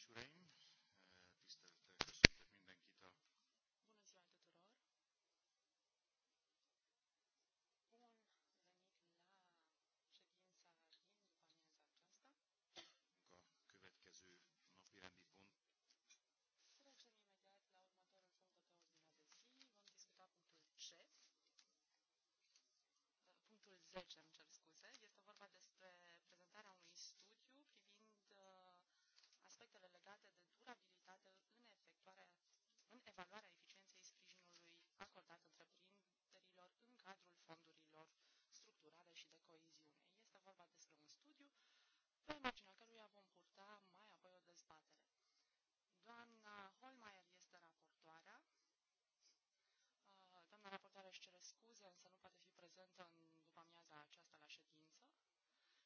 és uraim, eh, tisztelettel köszöntök mindenkit a... Bună ziua tuturor! Bun venit la A következő napi rendi pont. Trecem imediat la următorul punct de ordine de zi. Vom discuta punctul C. Eh, punctul 10, am cer de durabilitate în efectuarea, în evaluarea eficienței sprijinului acordat întreprinderilor în cadrul fondurilor structurale și de coeziune. Este vorba despre un studiu pe marginea căruia vom purta mai apoi o dezbatere. Doamna Holmeier este raportoarea. Uh, doamna raportoare își cere scuze, însă nu poate fi prezentă în după amiaza aceasta la ședință.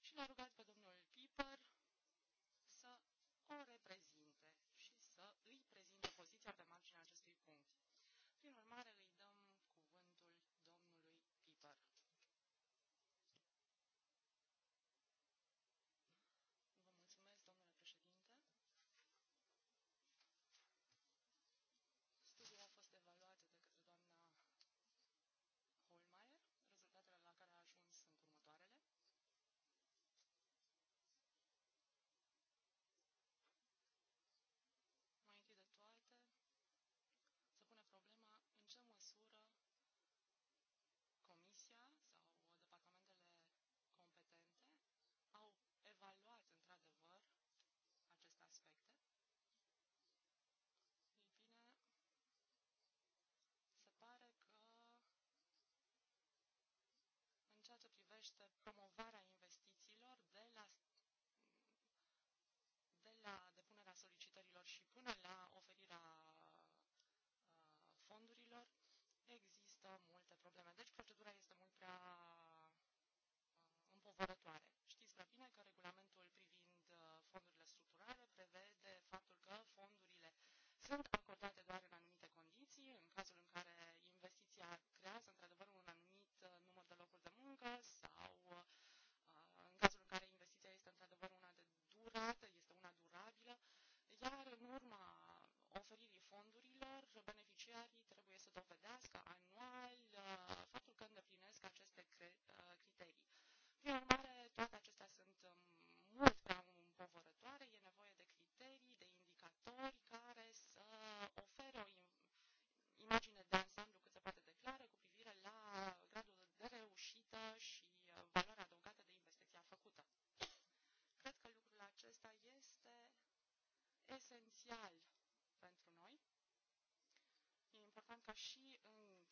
Și l-a rugat pe domnul Piper privește promovarea echilibrată, este una durabilă, iar în urma oferirii fondurilor, beneficiarii trebuie să dovedească anul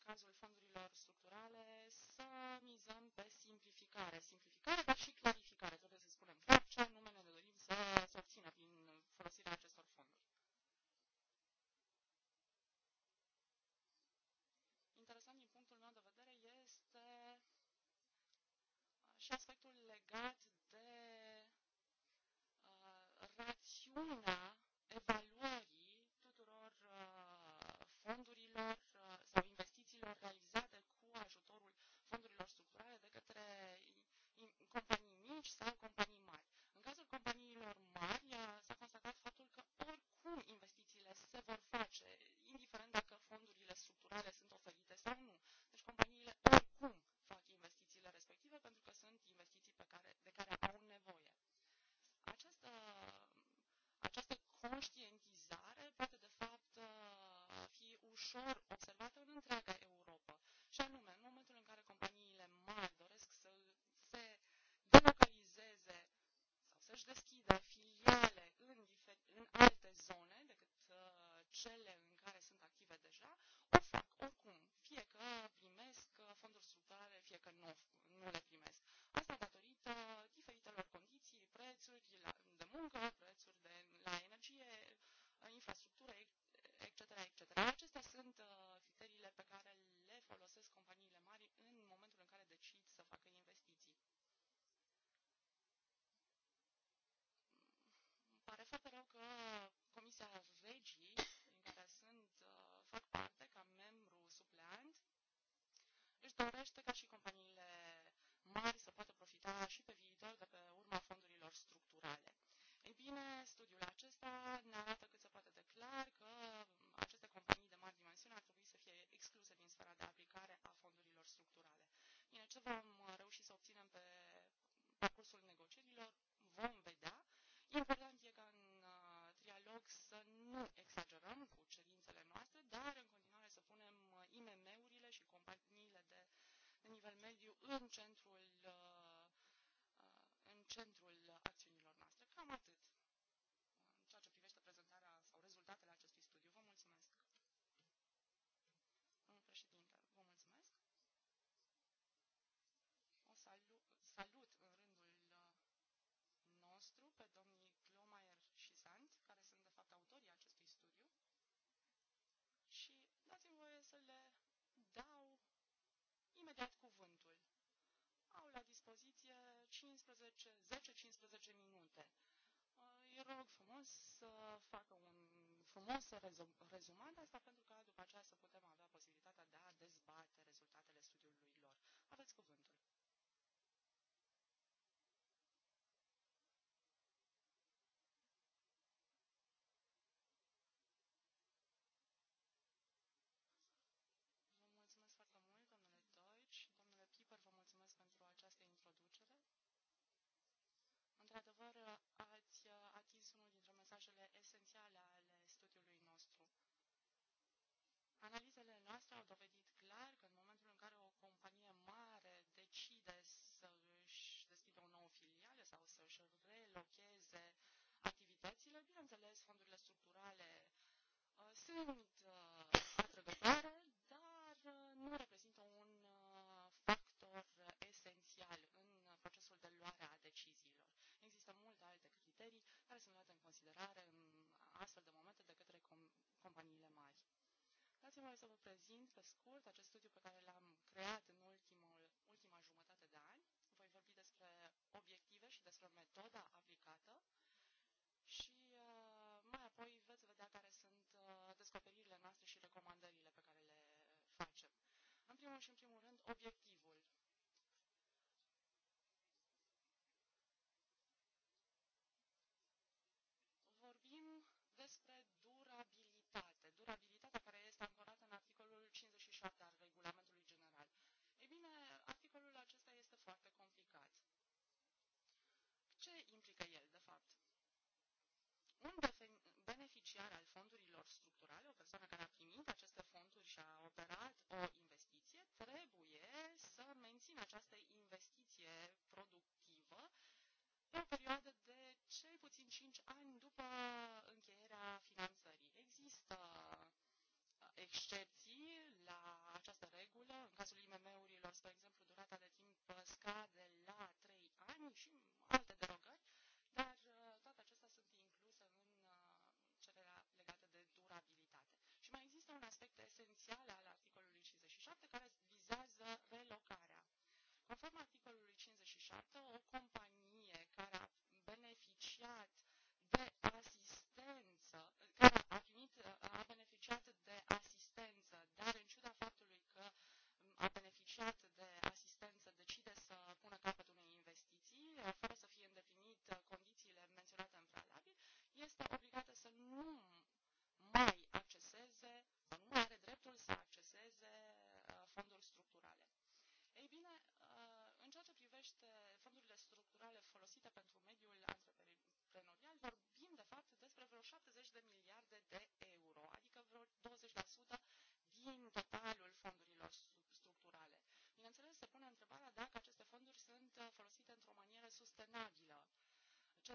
cazul fondurilor structurale, să mizăm pe simplificare. Simplificare, dar și clarificare. Trebuie să spunem clar ce anume ne dorim să să obțină prin folosirea acestor fonduri. Interesant din punctul meu de vedere este și aspectul legat de uh, rațiunea muncă, prețuri de, la energie, infrastructură, etc., etc. Acestea sunt uh, criteriile pe care le folosesc companiile mari în momentul în care decid să facă investiții. pare foarte rău că Comisia Regii, în care sunt, uh, fac parte ca membru supleant, își dorește ce vom uh, reuși să obținem pe parcursul negocierilor, vom vedea. Important frumos rezumat asta pentru că sunt uh, atrăgătoare, dar uh, nu reprezintă un uh, factor esențial în procesul de luare a deciziilor. Există multe alte criterii care sunt luate în considerare în astfel de momente de către com- companiile mari. dați mă să vă prezint pe scurt acest studiu pe care l-am creat în ultimul, ultima jumătate de ani. Voi vorbi despre obiective și despre metoda și, în primul rând, obiectivul. Vorbim despre durabilitate, durabilitatea care este ancorată în articolul 57 al regulamentului general. Ei bine, articolul acesta este foarte complicat. Ce implică el, de fapt? Un beneficiar al fondurilor structurale, o persoană care a primit aceste fonduri și a operat o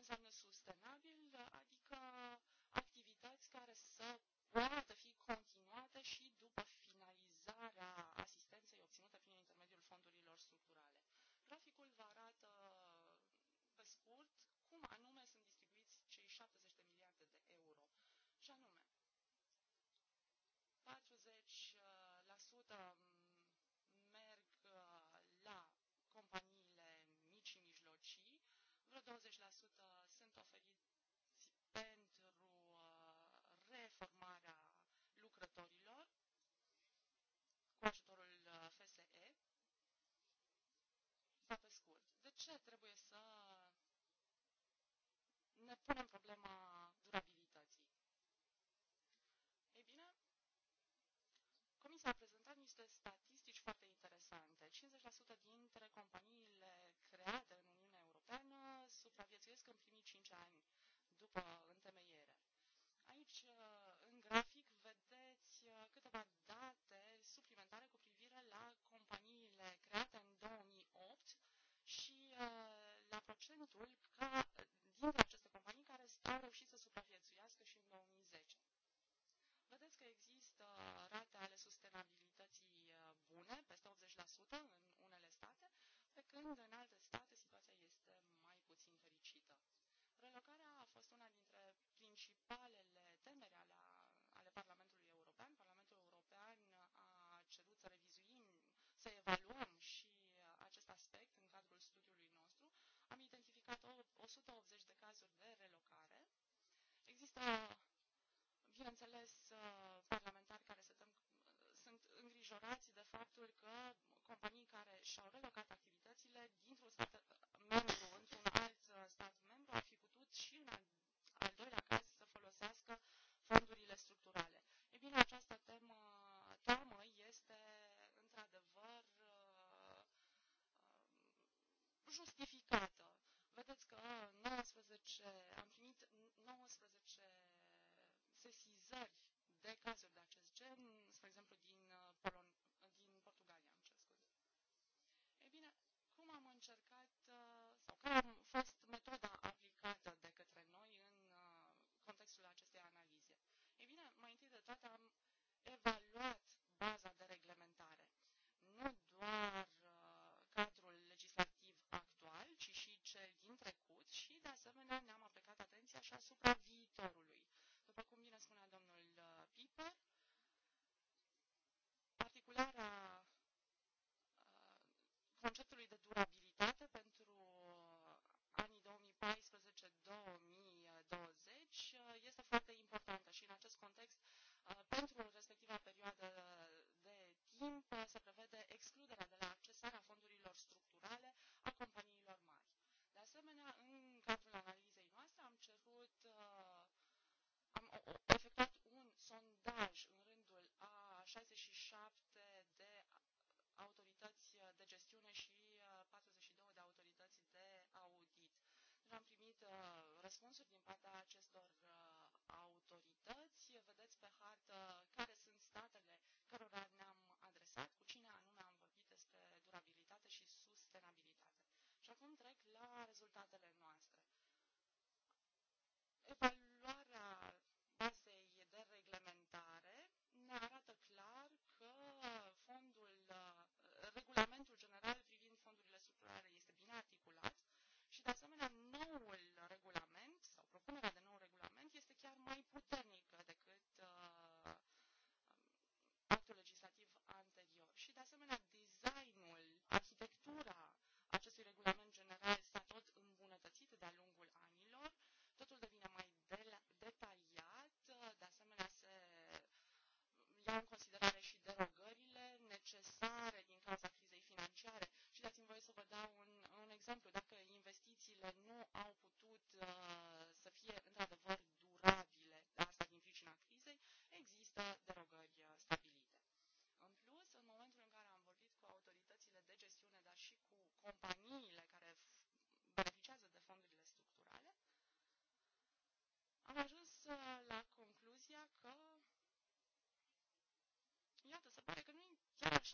înseamnă sustenabil aceea trebuie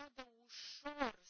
așa de ușor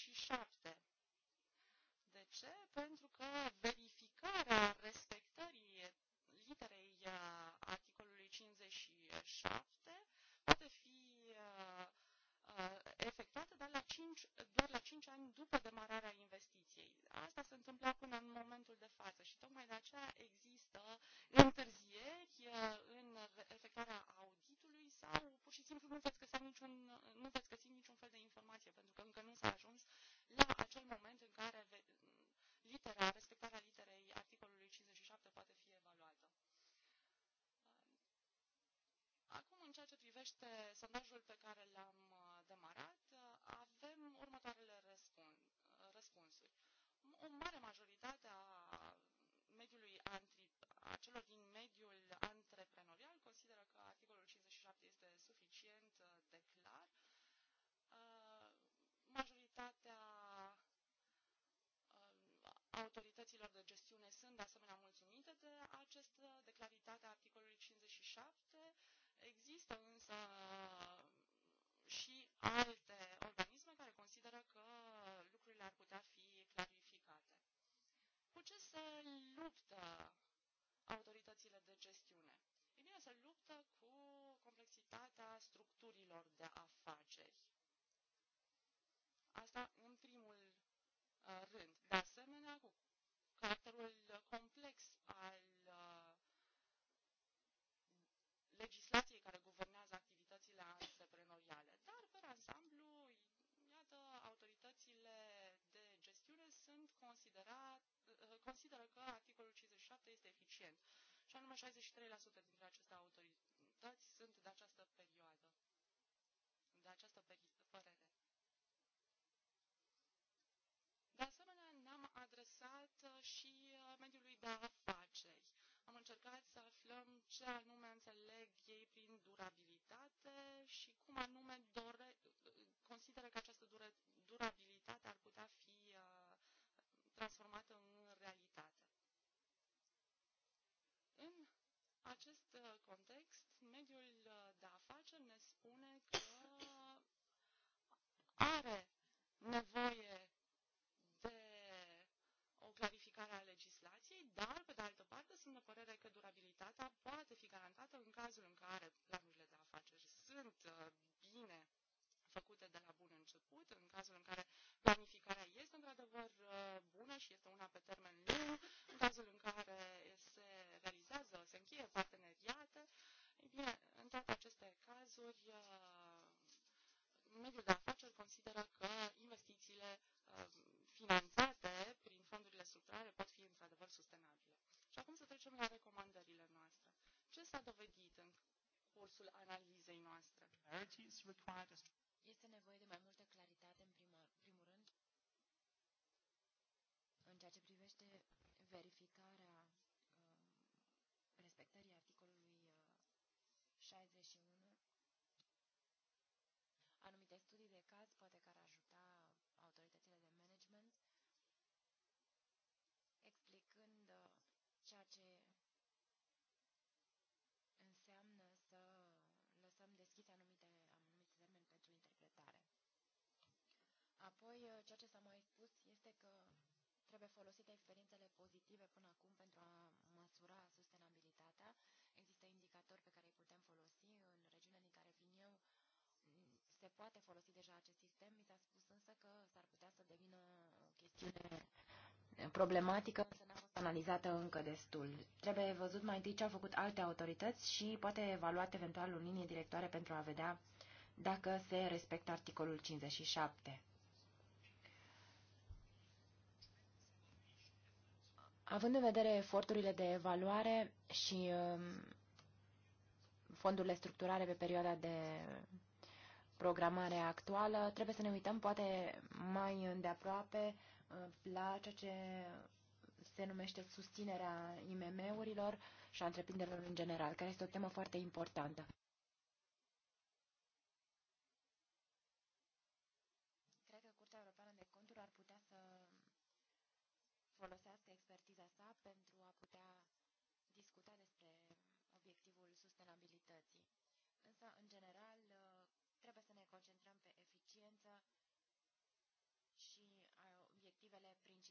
și șapte. gestiune sunt de asemenea mulțumite de acest, de a articolului 57. Există însă uh, și alte organisme care consideră că lucrurile ar putea fi clarificate. Cu ce se luptă autoritățile de gestiune? Ei bine, se luptă cu complexitatea structurilor de afaceri. Asta în primul uh, rând. Da caracterul uh, complex al uh, legislației care guvernează activitățile antreprenoriale. Dar, pe ansamblu, iată, autoritățile de gestiune sunt considerat, uh, consideră că articolul 57 este eficient. Și anume 63% dintre aceste autorități sunt de această perioadă, de această perioadă. de afaceri. Am încercat să aflăm ce anume înțeleg ei prin durabilitate și cum anume dore, consideră că această dure, durabilitate ar putea fi uh, transformată în realitate. În acest uh, context, mediul uh, de afaceri ne spune că are nevoie sunt de părere că durabilitatea poate fi garantată în cazul în care planurile de afaceri sunt uh, bine făcute de la bun început, în cazul în care planificarea este într-adevăr uh, bună și este una pe termen lung, în cazul în care se realizează, se încheie parteneriate, ei bine, în toate aceste cazuri, uh, mediul de afaceri consideră că investițiile finanțate prin fondurile structurale pot fi într-adevăr sustenabile acum să trecem la recomandările noastre. Ce s-a dovedit în cursul analizei noastre? Este nevoie de mai multă claritate, în primă, primul rând, în ceea ce privește verificarea uh, respectării articolului uh, 61 anumite studii de caz poate că ar ajuta autoritățile de Apoi, uh, ceea ce s-a mai spus este că trebuie folosite experiențele pozitive până acum pentru a măsura sustenabilitatea. Există indicatori pe care îi putem folosi. În regiunea din care vin eu mm, se poate folosi deja acest sistem. Mi s-a spus însă că s-ar putea să devină o chestiune problematică, să n-a fost analizată încă destul. Trebuie văzut mai întâi ce au făcut alte autorități și poate evaluat eventual o linie directoare pentru a vedea dacă se respectă articolul 57. Având în vedere eforturile de evaluare și um, fondurile structurale pe perioada de programare actuală, trebuie să ne uităm poate mai îndeaproape uh, la ceea ce se numește susținerea IMM-urilor și a întreprinderilor în general, care este o temă foarte importantă.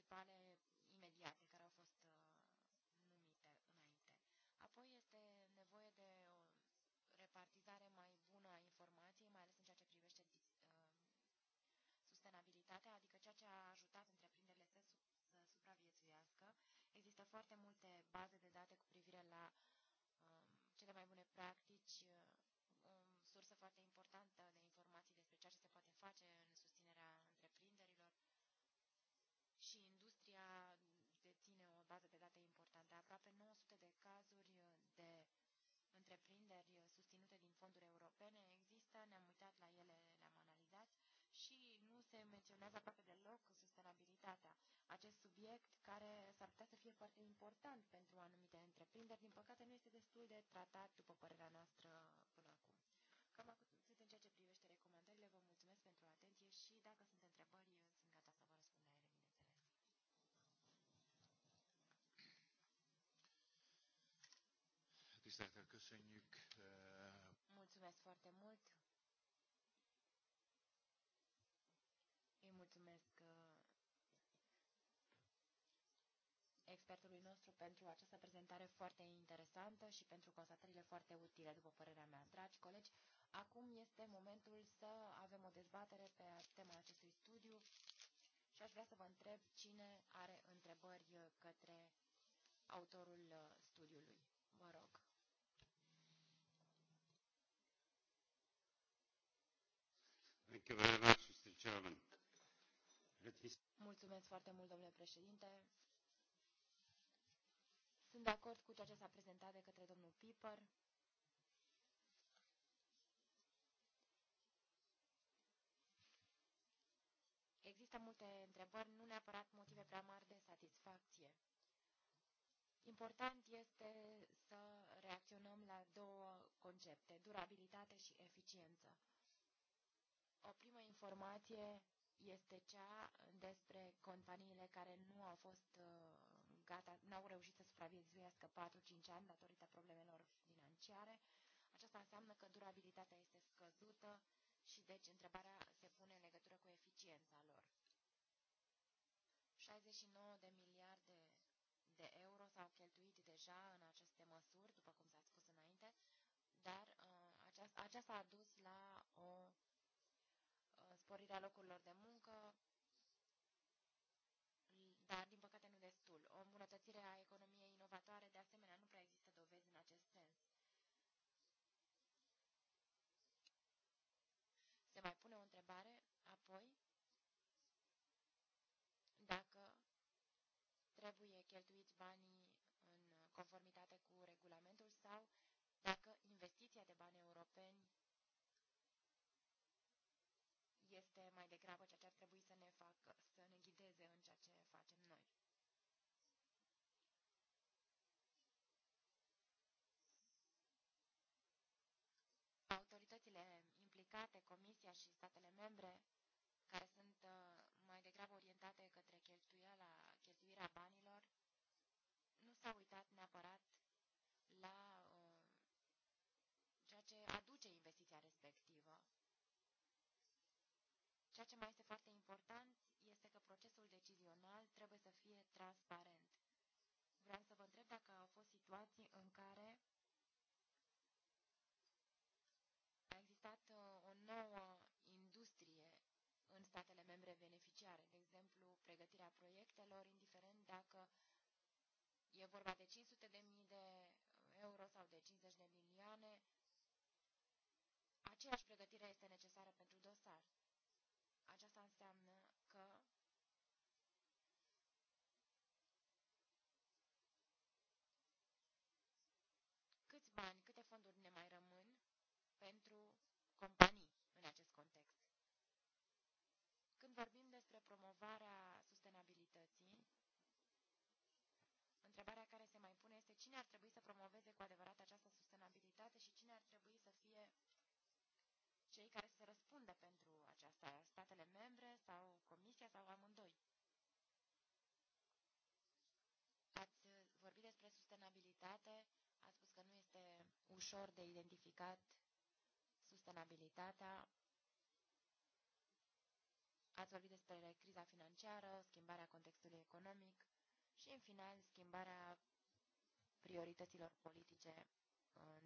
principale imediate care au fost uh, numite înainte. Apoi este nevoie de o repartizare mai bună a informației, mai ales în ceea ce privește uh, sustenabilitatea, adică ceea ce a ajutat întreprinderile să, să supraviețuiască. Există foarte multe baze de date cu privire la um, cele mai bune practici, uh, o sursă foarte importantă de informații despre ceea ce se poate face în de întreprinderi susținute din fonduri europene există, ne-am uitat la ele, le-am analizat și nu se menționează aproape deloc sustenabilitatea. Acest subiect care s-ar putea să fie foarte important pentru anumite întreprinderi, din păcate nu este destul de tratat, după părerea noastră, până acum. Cam atât în ceea ce privește recomandările, vă mulțumesc pentru atenție și dacă sunteți Tiszteltel köszönjük. Mulțumesc foarte mult. Îi mulțumesc uh, expertului nostru pentru această prezentare foarte interesantă și pentru constatările foarte utile, după părerea mea. Dragi colegi, acum este momentul să avem o dezbatere pe tema acestui studiu și aș vrea să vă întreb cine are întrebări uh, către autorul uh, studiului. Vă rog. Mulțumesc foarte mult, domnule președinte. Sunt de acord cu ceea ce s-a prezentat de către domnul Piper. Există multe întrebări, nu neapărat motive prea mari de satisfacție. Important este să reacționăm la două concepte, durabilitate și eficiență. O primă informație este cea despre companiile care nu au fost uh, gata, n-au reușit să supraviețuiască 4-5 ani datorită problemelor financiare. Aceasta înseamnă că durabilitatea este scăzută și deci întrebarea se pune în legătură cu eficiența lor. 69 de miliarde de euro s-au cheltuit deja în aceste măsuri, după cum s-a spus înainte, dar uh, aceasta, aceasta a dus la o sporirea locurilor de muncă, dar, din păcate, nu destul. O îmbunătățire a economiei inovatoare, de asemenea, nu prea există dovezi în acest sens. Se mai pune o întrebare, apoi, dacă trebuie cheltuiți banii în conformitate cu regulamentul sau dacă investiția de bani europeni este mai degrabă ceea ce ar trebui să ne facă, să ne ghideze în ceea ce facem noi. Autoritățile implicate, Comisia și statele membre, care sunt uh, mai degrabă orientate către cheltuiala, cheltuirea banilor, nu s-au uitat neapărat ce mai este foarte important este că procesul decizional trebuie să fie transparent. Vreau să vă întreb dacă au fost situații în care a existat uh, o nouă industrie în statele membre beneficiare, de exemplu, pregătirea proiectelor, indiferent dacă e vorba de 500 de mii de euro sau de 50 de milioane, aceeași pregătire este necesară pentru dosar aceasta înseamnă că câți bani, câte fonduri ne mai rămân pentru companii în acest context. Când vorbim despre promovarea sustenabilității, întrebarea care se mai pune este cine ar trebui să promoveze cu adevărat această sustenabilitate și cine ar trebui să fie cei care asta, statele membre sau Comisia sau amândoi? Ați vorbit despre sustenabilitate, ați spus că nu este ușor de identificat sustenabilitatea, ați vorbit despre criza financiară, schimbarea contextului economic și, în final, schimbarea priorităților politice,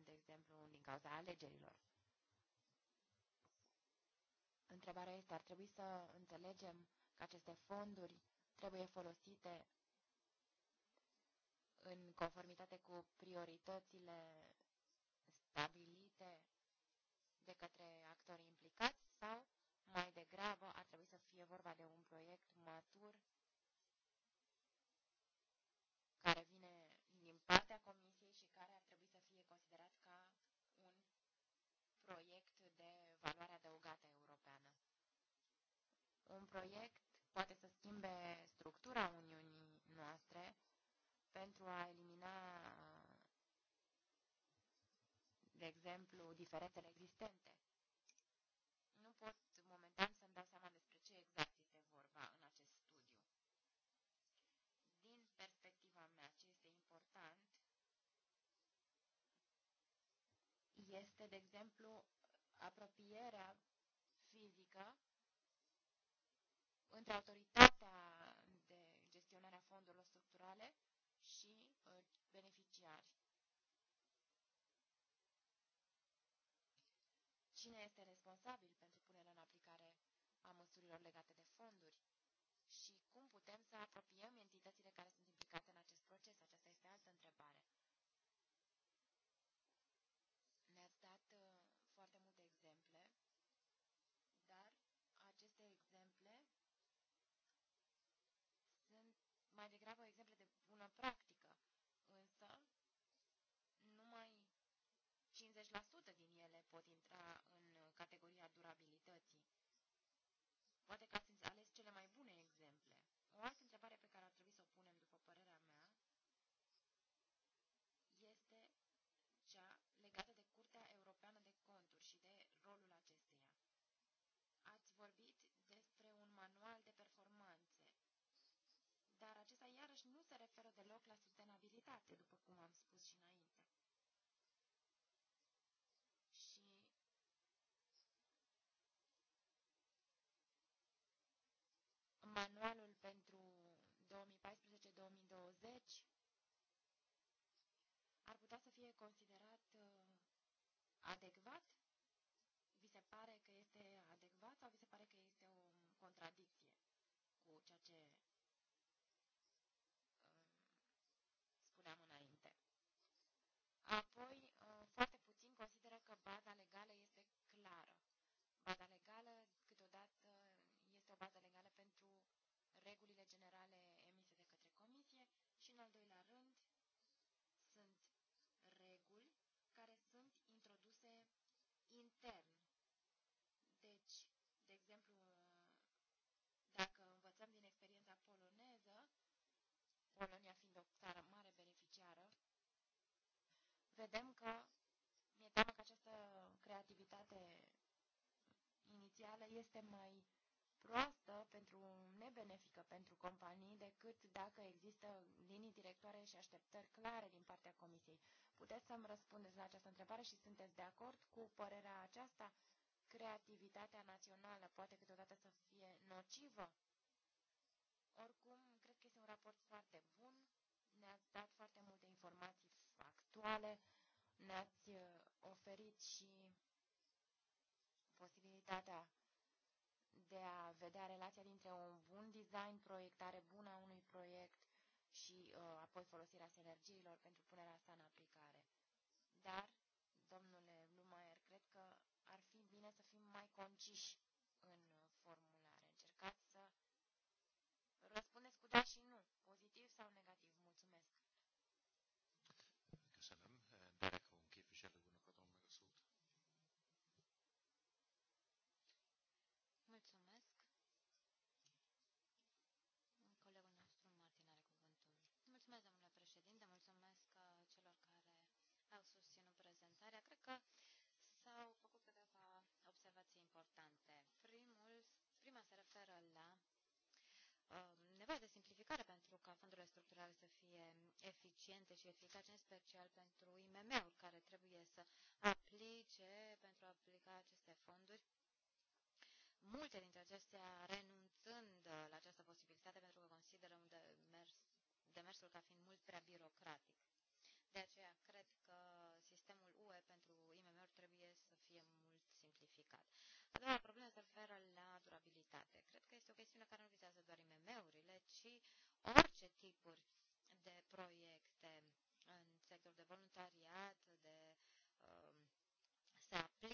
de exemplu, din cauza alegerilor. Întrebarea este, ar trebui să înțelegem că aceste fonduri trebuie folosite în conformitate cu prioritățile stabilite de către actorii implicați sau mai degrabă ar trebui să fie vorba de un proiect matur care vine proiect poate să schimbe structura Uniunii noastre pentru a elimina, de exemplu, diferențele existente. Nu pot momentan să-mi dau seama despre ce exact este vorba în acest studiu. Din perspectiva mea, ce este important este, de exemplu, apropierea fizică între autoritatea de gestionare a fondurilor structurale și uh, beneficiari. Cine este responsabil pentru punerea în aplicare a măsurilor legate de fonduri și cum putem să apropiem entitățile care sunt implicate în acest mai degrabă exemple de bună practică, însă numai 50% din ele pot intra în categoria durabilității. Poate că ați după cum am spus și înainte. Și manualul pentru 2014-2020 ar putea să fie considerat uh, adecvat? Vi se pare că este adecvat sau vi se pare că este o contradicție cu ceea ce în al doilea rând, sunt reguli care sunt introduse intern. Deci, de exemplu, dacă învățăm din experiența poloneză, Polonia fiind o țară mare beneficiară, vedem că mi-e teamă că această creativitate inițială este mai proastă pentru nebenefică pentru companii decât dacă există linii directoare și așteptări clare din partea Comisiei. Puteți să-mi răspundeți la această întrebare și sunteți de acord cu părerea aceasta? Creativitatea națională poate câteodată să fie nocivă? Oricum, cred că este un raport foarte bun. Ne-ați dat foarte multe informații factuale, ne-ați uh, oferit și posibilitatea de a vedea relația dintre un bun design, proiectare bună a unui proiect și uh, apoi folosirea sinergiilor pentru punerea sa în aplicare. Dar, domnule Blumeyer, cred că ar fi bine să fim mai conciși că s-au făcut câteva observații importante. Primul, prima se referă la um, nevoia de simplificare pentru ca fondurile structurale să fie eficiente și eficace, în special pentru IMM-uri care trebuie să aplice pentru a aplica aceste fonduri. Multe dintre acestea renunțând uh, la această posibilitate pentru că consideră demers, demersul ca fiind mult prea birocratic. De aceea cred că doua problemă se referă la durabilitate. Cred că este o chestiune care nu vizează doar IMM-urile, ci orice tipuri de proiecte în sectorul de voluntariat, de uh, um, se aplică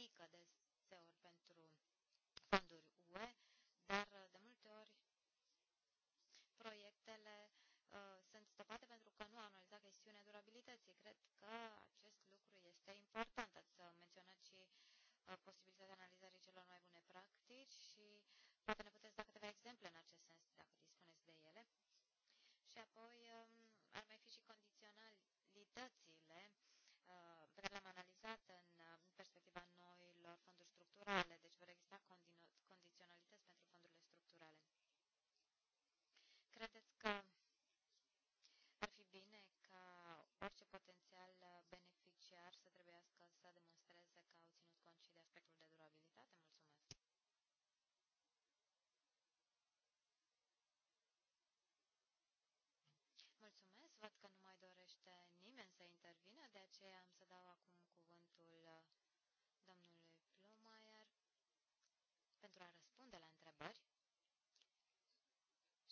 posibilitatea analizării celor mai bune practici și poate ne puteți da câteva exemple în acest sens, dacă dispuneți de ele. Și apoi um, ar mai fi și condiționalitățile uh, pe care le-am analizat în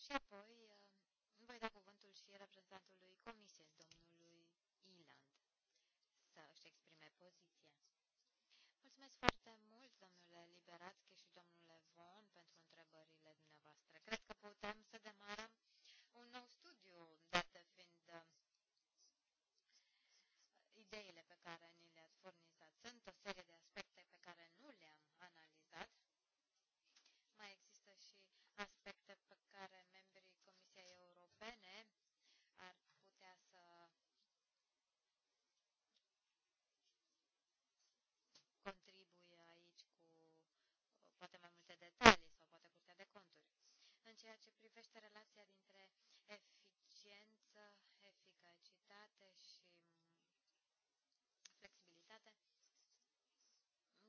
Și apoi uh, voi da cuvântul și reprezentantului comisiei, domnului Iland, să își exprime poziția. Mulțumesc foarte mult, domnule Liberatche și domnule Von, pentru întrebările dumneavoastră. Cred că putem să demarăm ceea ce privește relația dintre eficiență, eficacitate și flexibilitate,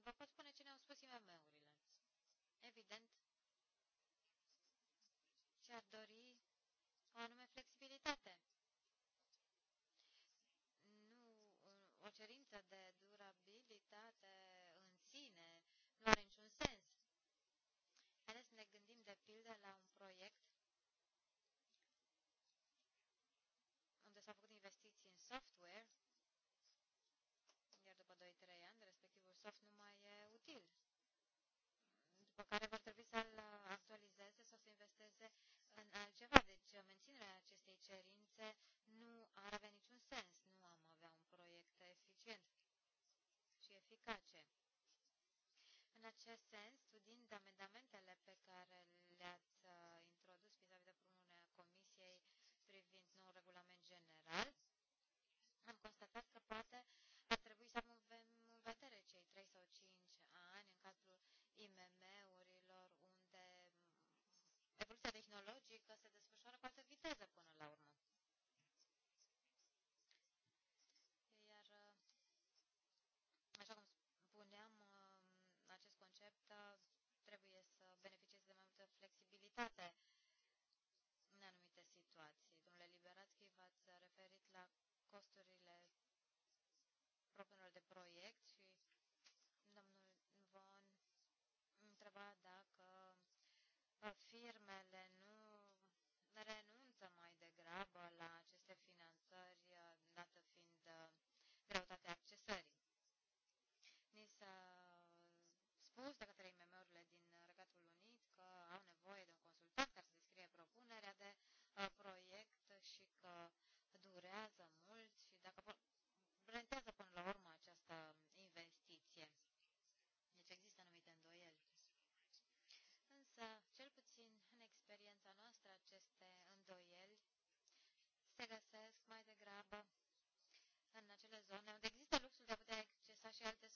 vă pot spune ce ne-au spus IMM-urile. Evident, acest sens, studiind amendamentele pe care le-ați uh, introdus vis-a-vis de propunerea Comisiei privind nou regulament general, am constatat că poate ar trebui să avem în vedere cei 3 sau 5 ani în cadrul IMM-urilor, unde evoluția tehnologică se desfășoară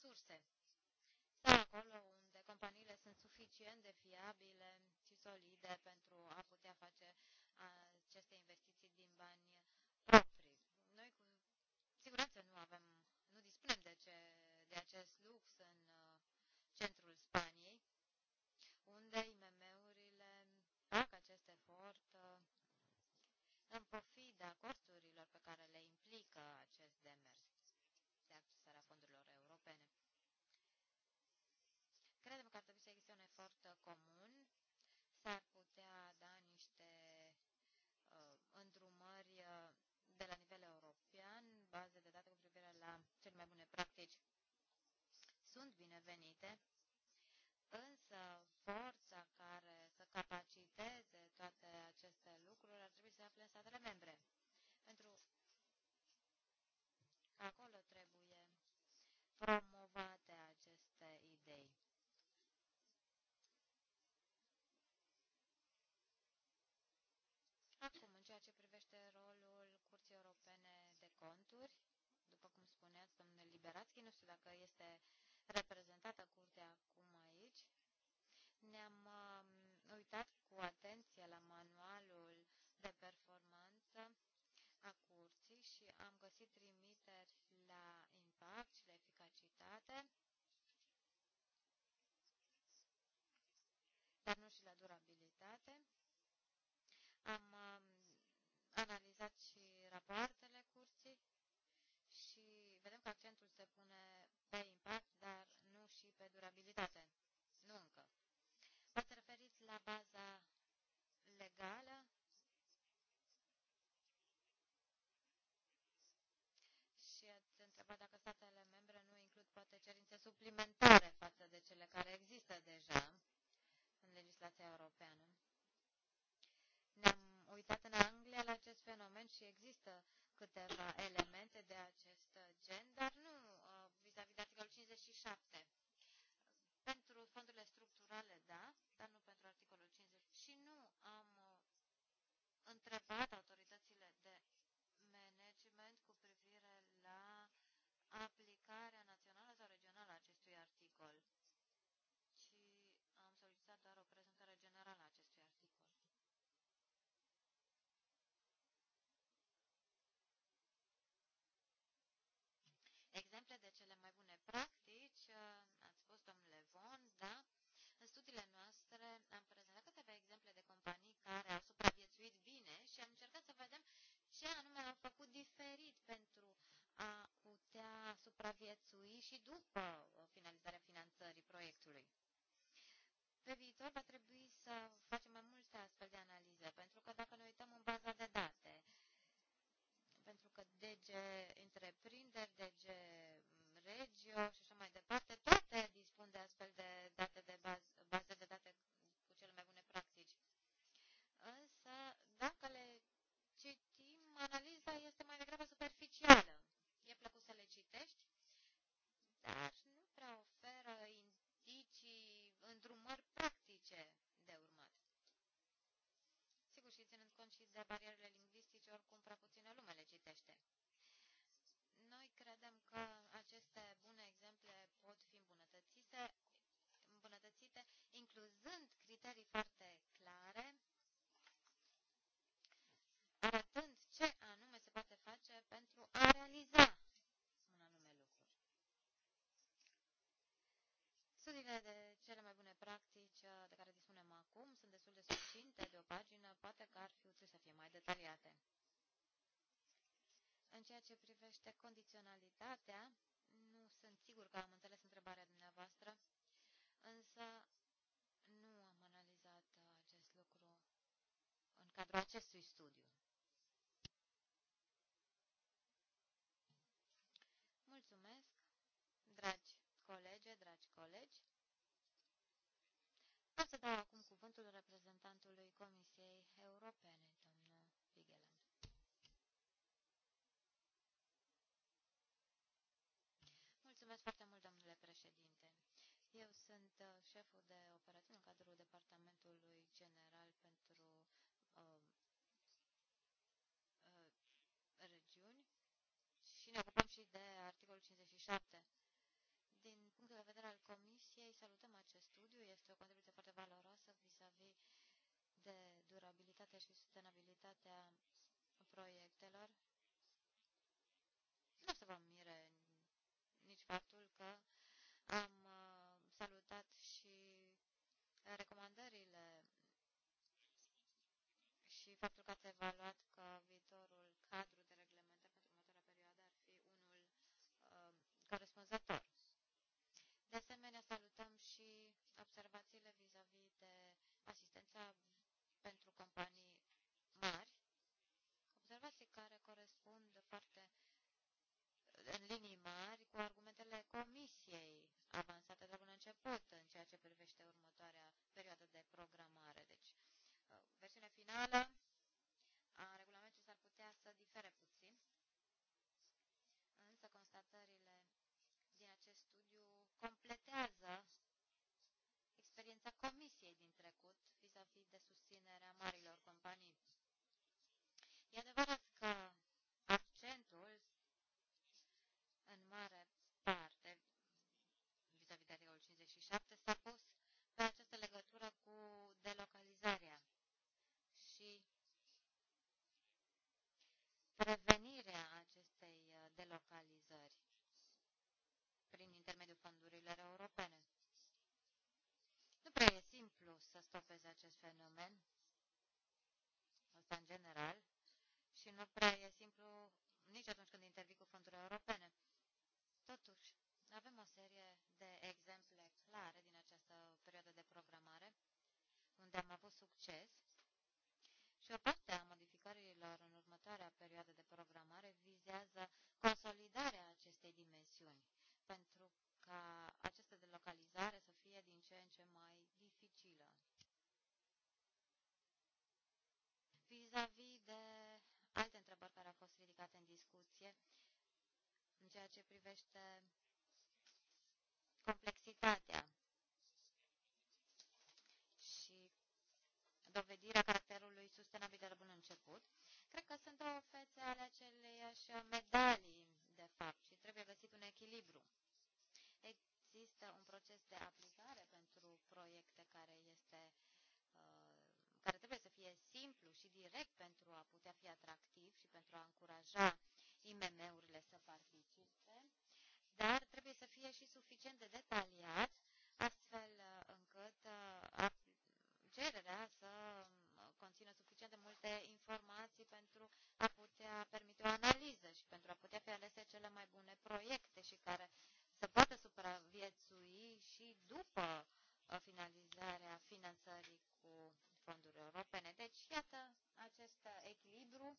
resurse. Sau da, acolo unde companiile sunt suficient de fiabile și solide pentru a putea face aceste investiții din bani proprii. Noi cu siguranță nu avem, nu dispunem de, ce, de acest lux în uh, centrul Spaniei, unde IMM-urile fac acest efort uh, în pofida costurilor pe care le implică acest Europene. Credem că ar trebui să existe un efort uh, comun, s-ar putea da niște uh, îndrumări uh, de la nivel european, baze de date cu privire la cele mai bune practici sunt binevenite, însă forța care să capaciteze toate aceste lucruri ar trebui să afle în statele membre. Pentru că acolo trebuie promovate aceste idei. Acum, în ceea ce privește rolul Curții Europene de Conturi, după cum spuneați, domnule Liberațchi, nu știu dacă este analizat și rapoartele curții și vedem că accentul se pune pe impact, dar nu și pe durabilitate. Nu încă. V-ați referit la baza legală și ați întrebat dacă statele membre nu includ poate cerințe suplimentare față de cele care există deja în legislația europeană. Ne-am uitat în privire la acest fenomen și există câteva elemente de acest gen, dar nu uh, vis-a-vis -vis de articolul 57. Pentru fondurile structurale, da, dar nu pentru articolul 50. Și nu am uh, întrebat autoritățile de cele mai bune practici, uh, ați fost domnule Von, da? În studiile noastre am prezentat câteva exemple de companii care au supraviețuit bine și am încercat să vedem ce anume au făcut diferit pentru a putea supraviețui și după finalizarea finanțării proiectului. Pe viitor va trebui să facem mai multe astfel de analize, pentru că dacă ne uităm în baza de date, pentru că DG întreprinderi, DG colegi și ceea ce privește condiționalitatea, nu sunt sigur că am înțeles întrebarea dumneavoastră, însă nu am analizat acest lucru în cadrul acestui studiu. Mulțumesc, dragi colege, dragi colegi. O să dau acum cuvântul reprezentantului Comisiei Europene, Mulțumesc foarte mult, domnule președinte. Eu sunt uh, șeful de operațiune în cadrul Departamentului General pentru uh, uh, regiuni și ne ocupăm și de articolul 57. Din punctul de vedere al Comisiei, salutăm acest studiu. Este o contribuție foarte valoroasă vis-a-vis de durabilitatea și sustenabilitatea proiectelor. Nu să vă mir faptul că am uh, salutat și recomandările și faptul că ați evaluat acest fenomen, în general, și nu prea e simplu nici atunci când intervii cu fondurile europene. Totuși, avem o serie de exemple clare din această perioadă de programare, unde am avut succes și o parte Vis-a-vis -vis de alte întrebări care au fost ridicate în discuție, în ceea ce privește complexitatea și dovedirea caracterului sustenabil de la bun început, cred că sunt două fețe ale aceleiași medalii, de fapt, și trebuie găsit un echilibru. Există un proces de aplicare pentru proiecte care este simplu și direct pentru a putea fi atractiv și pentru a încuraja IMM-urile să participe, dar trebuie să fie și suficient de detaliat, astfel încât uh, cererea să um, conțină suficient de multe informații pentru a putea permite o analiză și pentru a putea fi alese cele mai bune proiecte și care să poată supraviețui și după uh, finalizarea finanțării cu fonduri europene. Deci, iată acest echilibru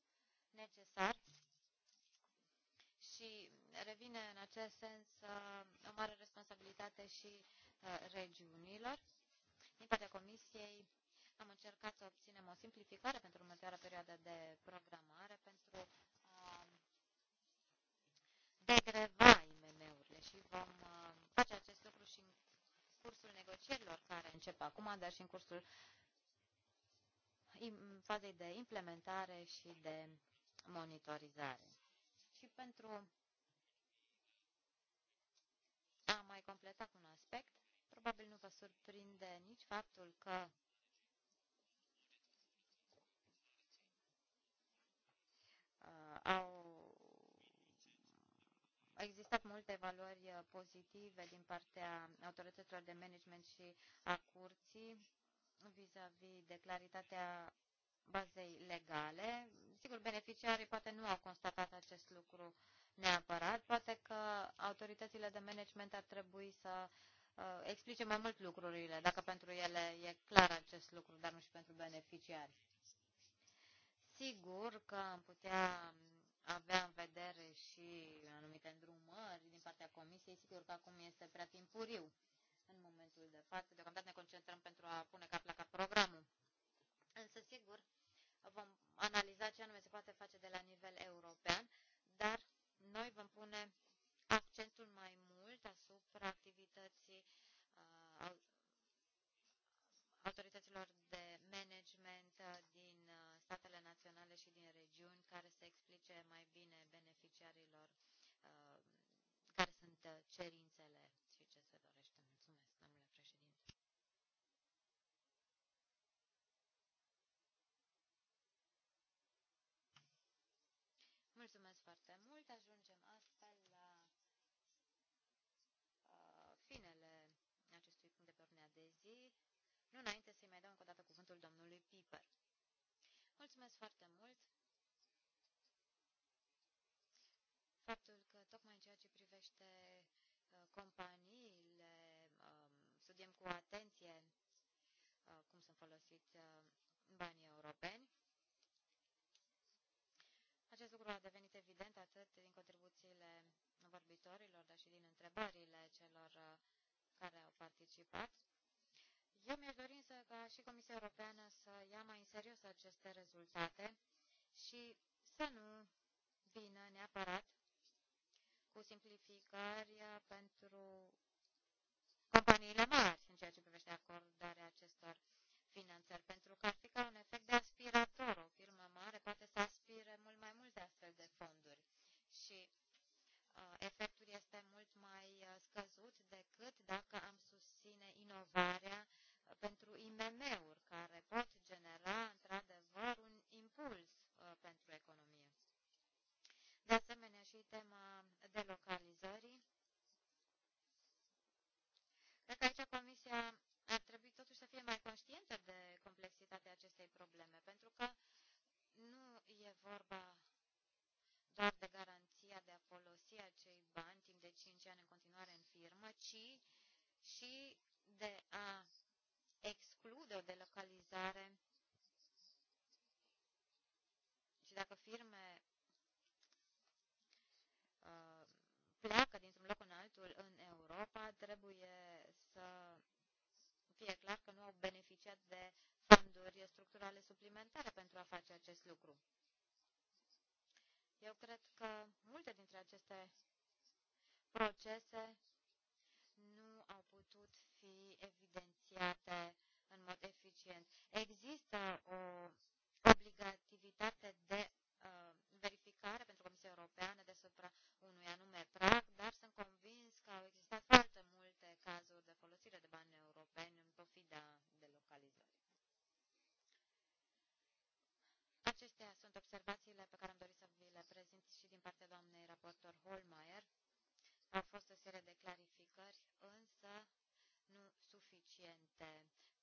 necesar și revine în acest sens uh, o mare responsabilitate și uh, regiunilor. Din partea Comisiei am încercat să obținem o simplificare pentru următoarea perioadă de programare pentru a degreva IMM-urile și vom uh, face acest lucru și în cursul negocierilor care încep acum, dar și în cursul fazei de implementare și de monitorizare. Și pentru a mai completa un aspect, probabil nu vă surprinde nici faptul că uh, au existat multe valori pozitive din partea autorităților de management și a curții vis-a-vis -vis de claritatea bazei legale. Sigur, beneficiarii poate nu au constatat acest lucru neapărat. Poate că autoritățile de management ar trebui să uh, explice mai mult lucrurile, dacă pentru ele e clar acest lucru, dar nu și pentru beneficiari. Sigur că am putea avea în vedere și anumite îndrumări din partea comisiei, sigur că acum este prea timpuriu în momentul de față. Deocamdată ne concentrăm pentru a pune cap la cap programul. Însă, sigur, vom analiza ce anume se poate face de la nivel european, dar noi vom pune accentul mai mult asupra activității uh, autorităților de management uh, din uh, statele naționale și din regiuni care să explice mai bine beneficiarilor uh, care sunt uh, cerințe mult ajungem astfel la uh, finele acestui punct de pe ordinea de zi, nu înainte să-i mai dau încă o dată cuvântul domnului Piper. Mulțumesc foarte mult! Faptul că tocmai în ceea ce privește uh, companiile, uh, studiem cu atenție uh, cum sunt folosiți uh, banii europeni, acest lucru a devenit evident atât din contribuțiile vorbitorilor, dar și din întrebările celor uh, care au participat. Eu mi-aș dori însă ca și Comisia Europeană să ia mai în serios aceste rezultate și să nu vină neapărat cu simplificări uh, pentru companiile mari în ceea ce privește acordarea acestor finanțări, pentru că ar fi ca un efect de aspirator. O firmă mare poate să aspire mai multe astfel de fonduri și uh, efectul este mult mai uh, scăzut decât dacă am susține inovarea uh, pentru IMM-uri care pot genera într-adevăr un impuls pentru economie. De asemenea și tema delocalizării. Cred că aici Comisia ar trebui totuși să fie mai conștientă de complexitatea acestei probleme, fie vorba doar de garanția de a folosi acei bani timp de 5 ani în continuare în firmă, ci și de a exclude o delocalizare și dacă firme uh, pleacă dintr-un loc în altul în Europa, trebuie să fie clar că nu au beneficiat de fonduri structurale suplimentare pentru a face acest lucru. Eu cred că multe dintre aceste procese nu au putut fi evidențiate în mod eficient. Există o obligativitate de uh, verificare pentru Comisia Europeană deasupra unui anume prag, dar sunt convins că au existat foarte multe cazuri de folosire de bani europeni în de localizare. Acestea sunt observațiile pe care am dorit să vi le prezint și din partea doamnei raportor Holmeier. Au fost o serie de clarificări, însă nu suficiente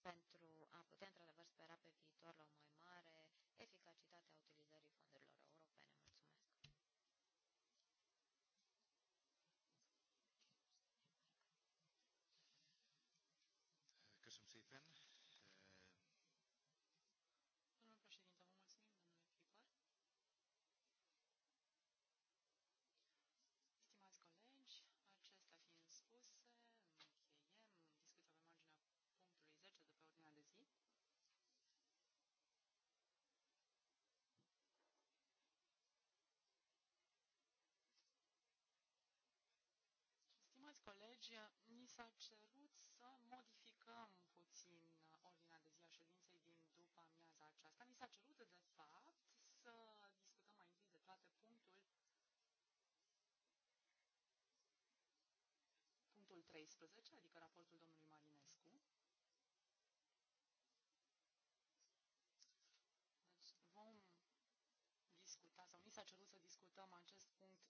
pentru a putea colegi, ni s-a cerut să modificăm puțin ordinea de zi a ședinței din după amiaza aceasta. Ni s-a cerut, de fapt, să discutăm mai întâi de toate punctul punctul 13, adică raportul domnului Marinescu. Deci vom discuta, sau ni s-a cerut să discutăm acest punct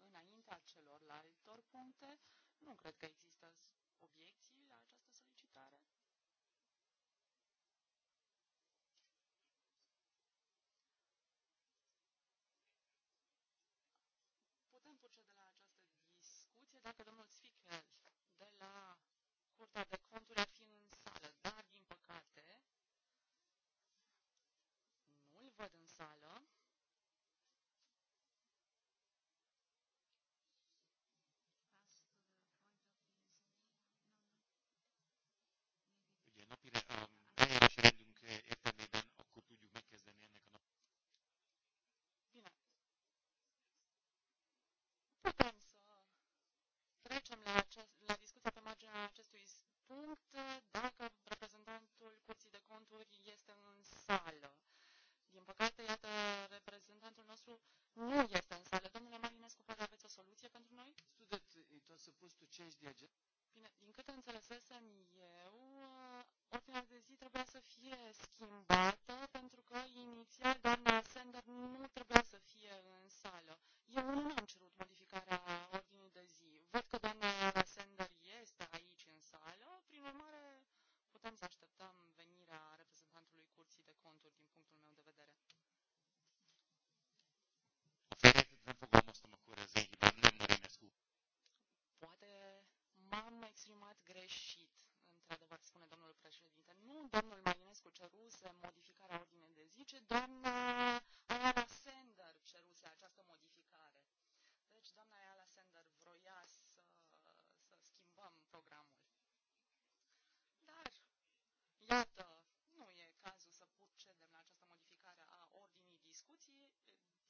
înaintea celorlaltor puncte. Nu cred că există obiecții. trecem la, acest, la discuția pe marginea acestui punct dacă reprezentantul Curții de Conturi este în sală. Din păcate, iată, reprezentantul nostru nu este în sală. Domnule Marinescu, poate aveți o soluție pentru noi? Bine, din câte înțelesesem eu, ordinea de zi trebuia să fie schimbată, pentru că inițial doamna Sender nu trebuia să fie în sală. Eu nu am cerut modificarea Văd că doamna Sender este aici în sală, prin urmare putem să așteptăm venirea reprezentantului Curții de Conturi din punctul meu de vedere. Poate m-am exprimat greșit, într-adevăr, spune domnul președinte. Nu domnul Marinescu ceruse modificarea ordinei de zi, ci doamna Ayala Sender ceruse această modificare. Deci doamna Ayala Sender vroia aprobăm programul. Dar, iată, nu e cazul să procedem la această modificare a ordinii discuției,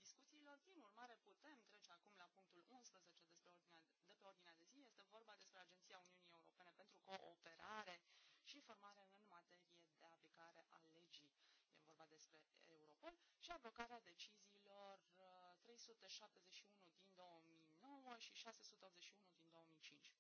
discuțiilor. Prin urmare, putem trece acum la punctul 11 despre ordinea, de pe ordinea de zi. Este vorba despre Agenția Uniunii Europene pentru Cooperare și Formare în materie de aplicare a legii. E vorba despre Europol și avocarea deciziilor 371 uh, din 2009 și 681 din 2005.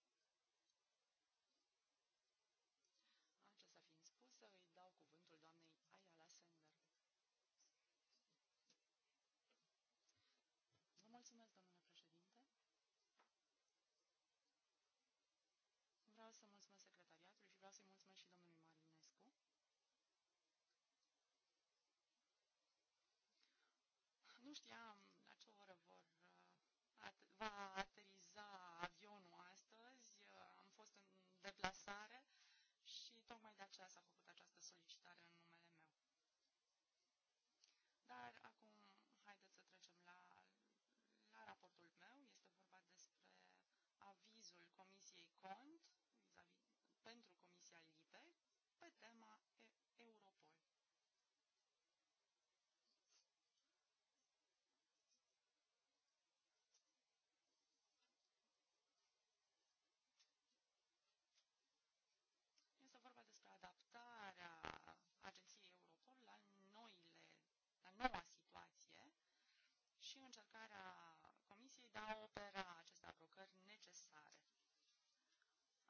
nu știam la ce oră vor, uh, va ateriza avionul astăzi, uh, am fost în deplasare și tocmai de aceea s-a făcut această solicitare în numele meu. Dar acum haideți să trecem la, la raportul meu. Este vorba despre avizul Comisiei Cont pentru Comisia Libe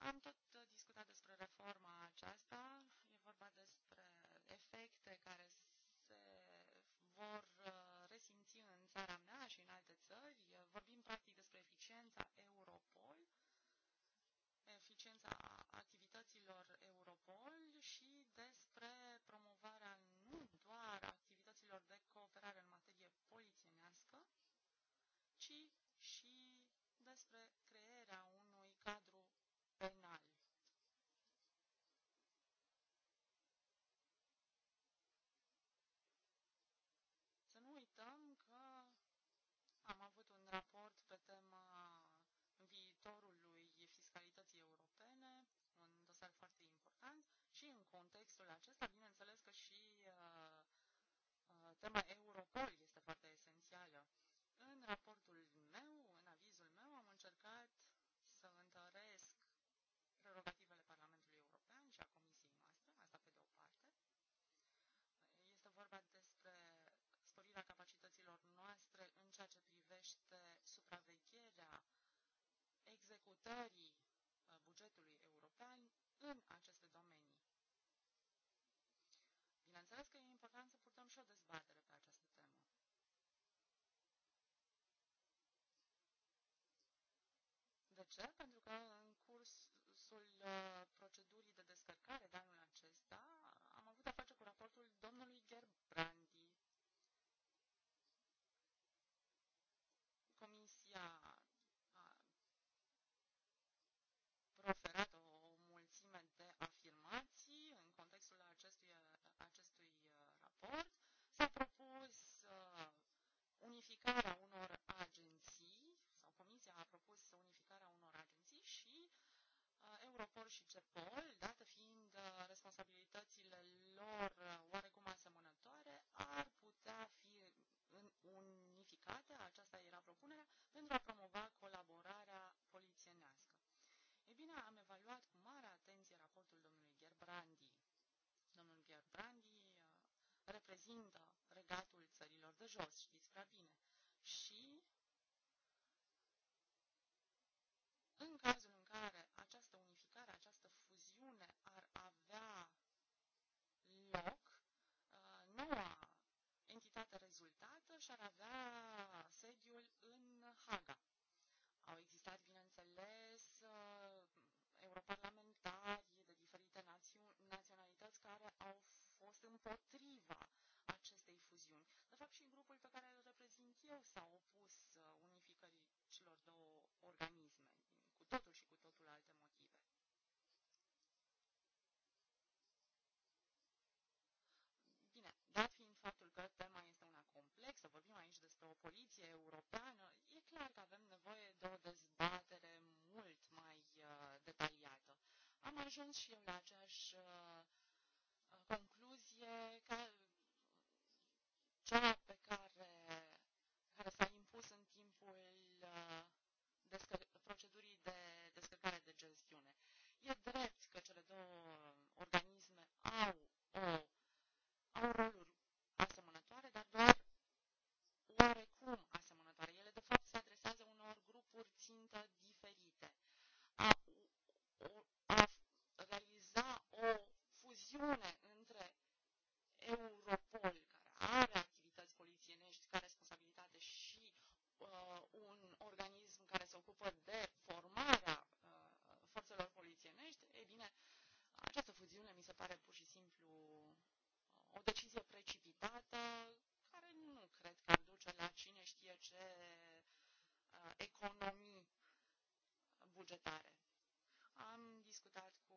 am tot contextul acesta, bineînțeles că și uh, uh tema Europol este foarte esențială. În raportul meu, în avizul meu, am încercat să întăresc prerogativele Parlamentului European și a Comisiei noastre, asta pe de o parte. Este vorba despre sporirea capacităților noastre în ceea ce privește supravegherea executării uh, bugetului european în aceste domenii bineînțeles că e important să purtăm și o dezbatere pe această temă. De ce? Pentru că în cursul uh, Europol și CEPOL, dată fiind uh, responsabilitățile lor uh, oarecum asemănătoare, ar putea fi unificate, aceasta era propunerea, pentru a promova colaborarea polițienească. Ei bine, am evaluat cu mare atenție raportul domnului Gerbrandi. Domnul Gerbrandi uh, reprezintă regatul țărilor de jos, știți prea bine. Și rezultată și-ar avea sediul în Haga. Au existat, bineînțeles, uh, europarlamentari de diferite naționalități care au fost împotriva acestei fuziuni. De fapt, și grupul pe care îl reprezint eu s-a opus uh, unificării celor două organisme. poliție europeană, e clar că avem nevoie de o dezbatere mult mai uh, detaliată. Am ajuns și eu la aceeași uh, concluzie ca cea pe care, care s-a impus în timpul uh, descă, procedurii de descărcare de gestiune. E drept știe ce uh, economii bugetare. Am discutat cu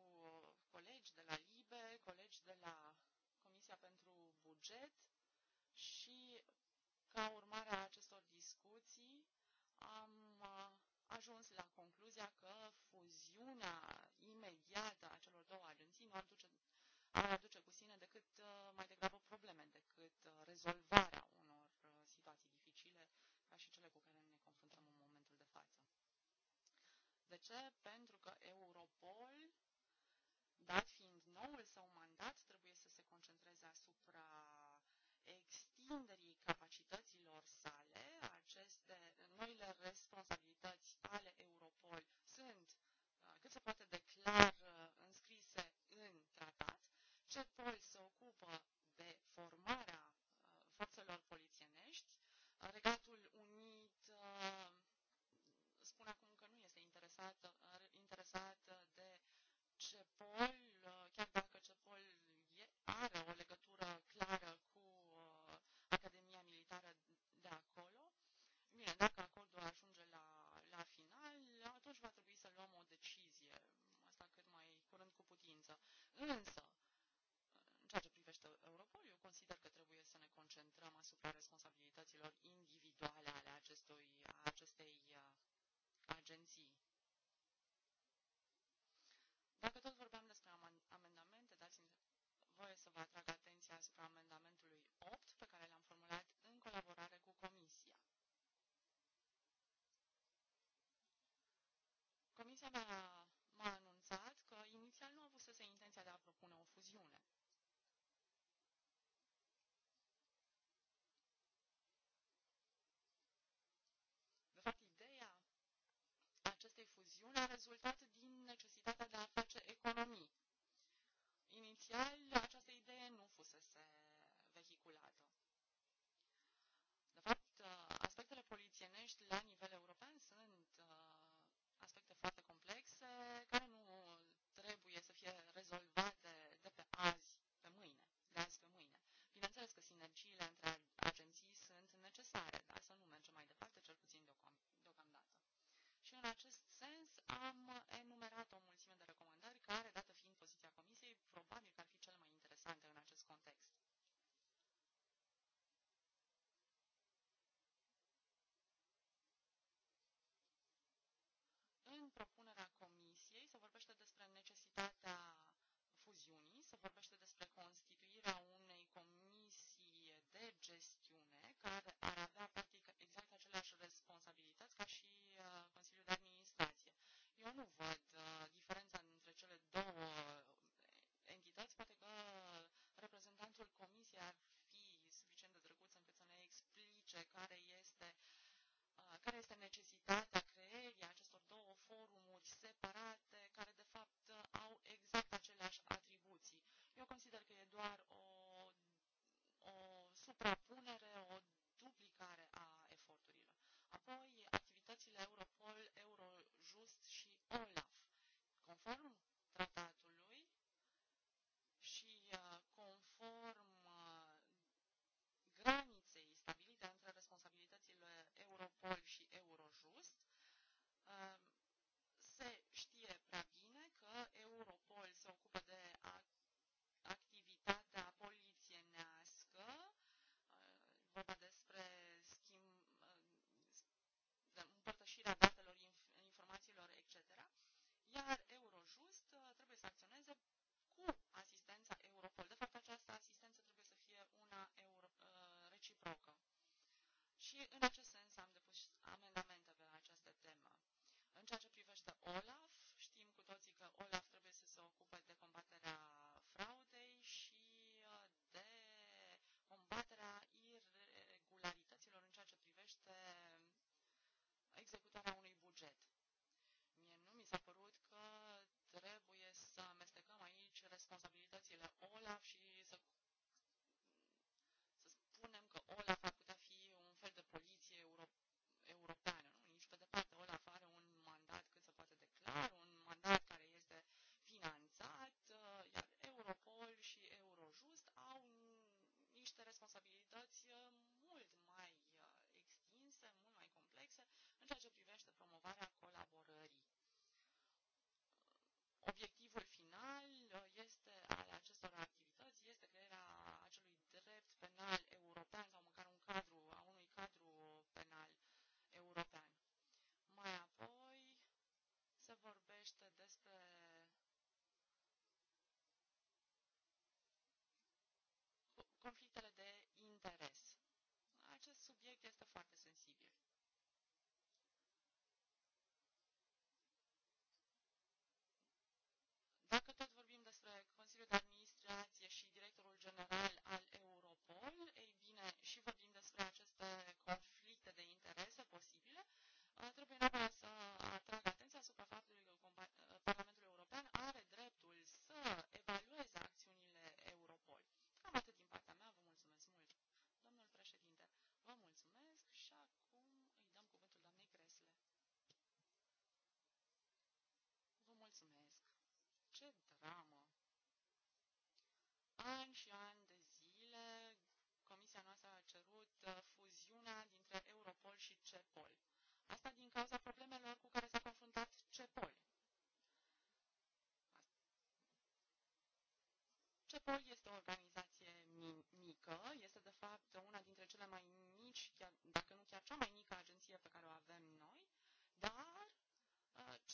colegi de la LIBE, colegi de la Comisia pentru Buget și ca urmare a acestor discuții am uh, ajuns la concluzia că fuziunea imediată a celor două agenții nu ar duce, ar aduce cu sine decât uh, mai degrabă probleme decât rezolvarea ca și cele cu care ne confruntăm în momentul de față. De ce? Pentru că Europol, dat fiind noul său mandat, trebuie să se concentreze asupra extinderii capacităților sale. Aceste noile responsabilități ale Europol sunt uh, cât se poate de clar, uh, înscrise în tratat. CEPOL Însă, în ceea ce privește Europol, eu consider că trebuie să ne concentrăm asupra responsabilităților individuale ale acestui, acestei uh, agenții. Dacă tot vorbeam despre amendamente, dați-mi voie să vă atrag atenția asupra amendamentului 8 pe care l-am formulat în colaborare cu Comisia. Comisia mea regiune. De fapt, ideea acestei fuziuni a rezultat din necesitatea de a face economii. Inițial, această idee nu fusese vehiculată. De fapt, aspectele polițienești la nivel european sunt uh, aspecte foarte complexe, care nu trebuie să fie rezolvate acest sens am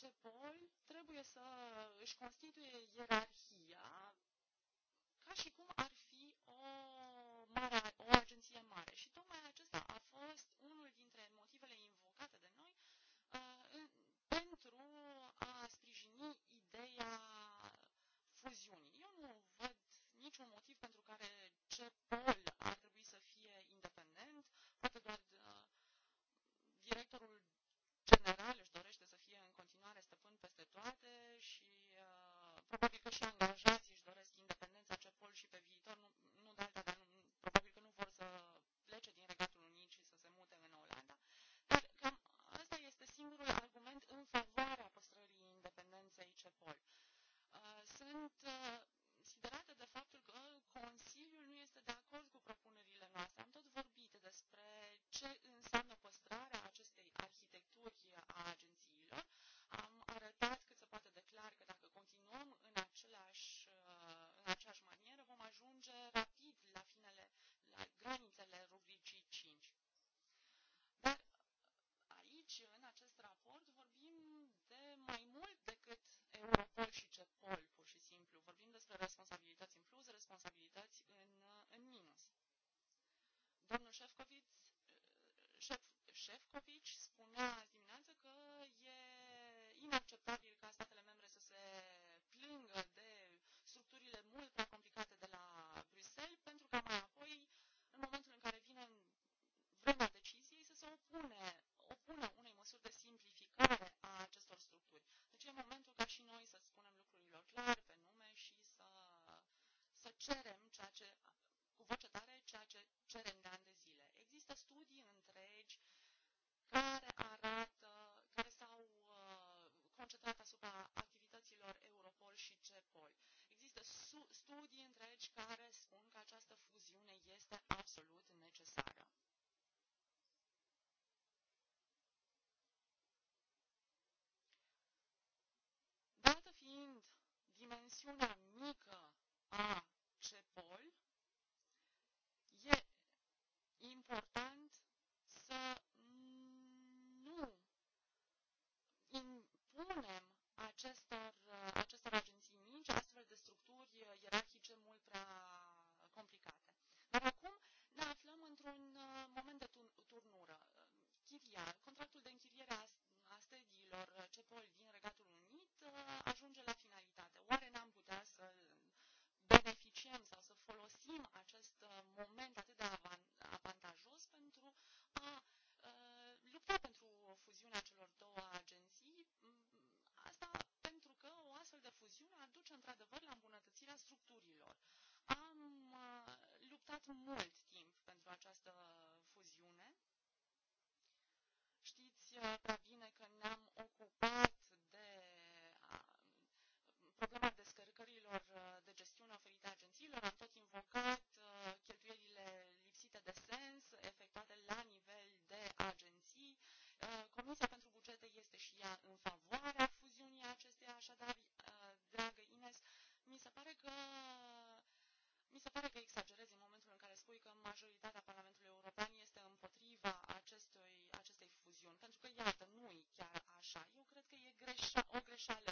CEPOL trebuie să își constituie ierarhia națională. mult greșeală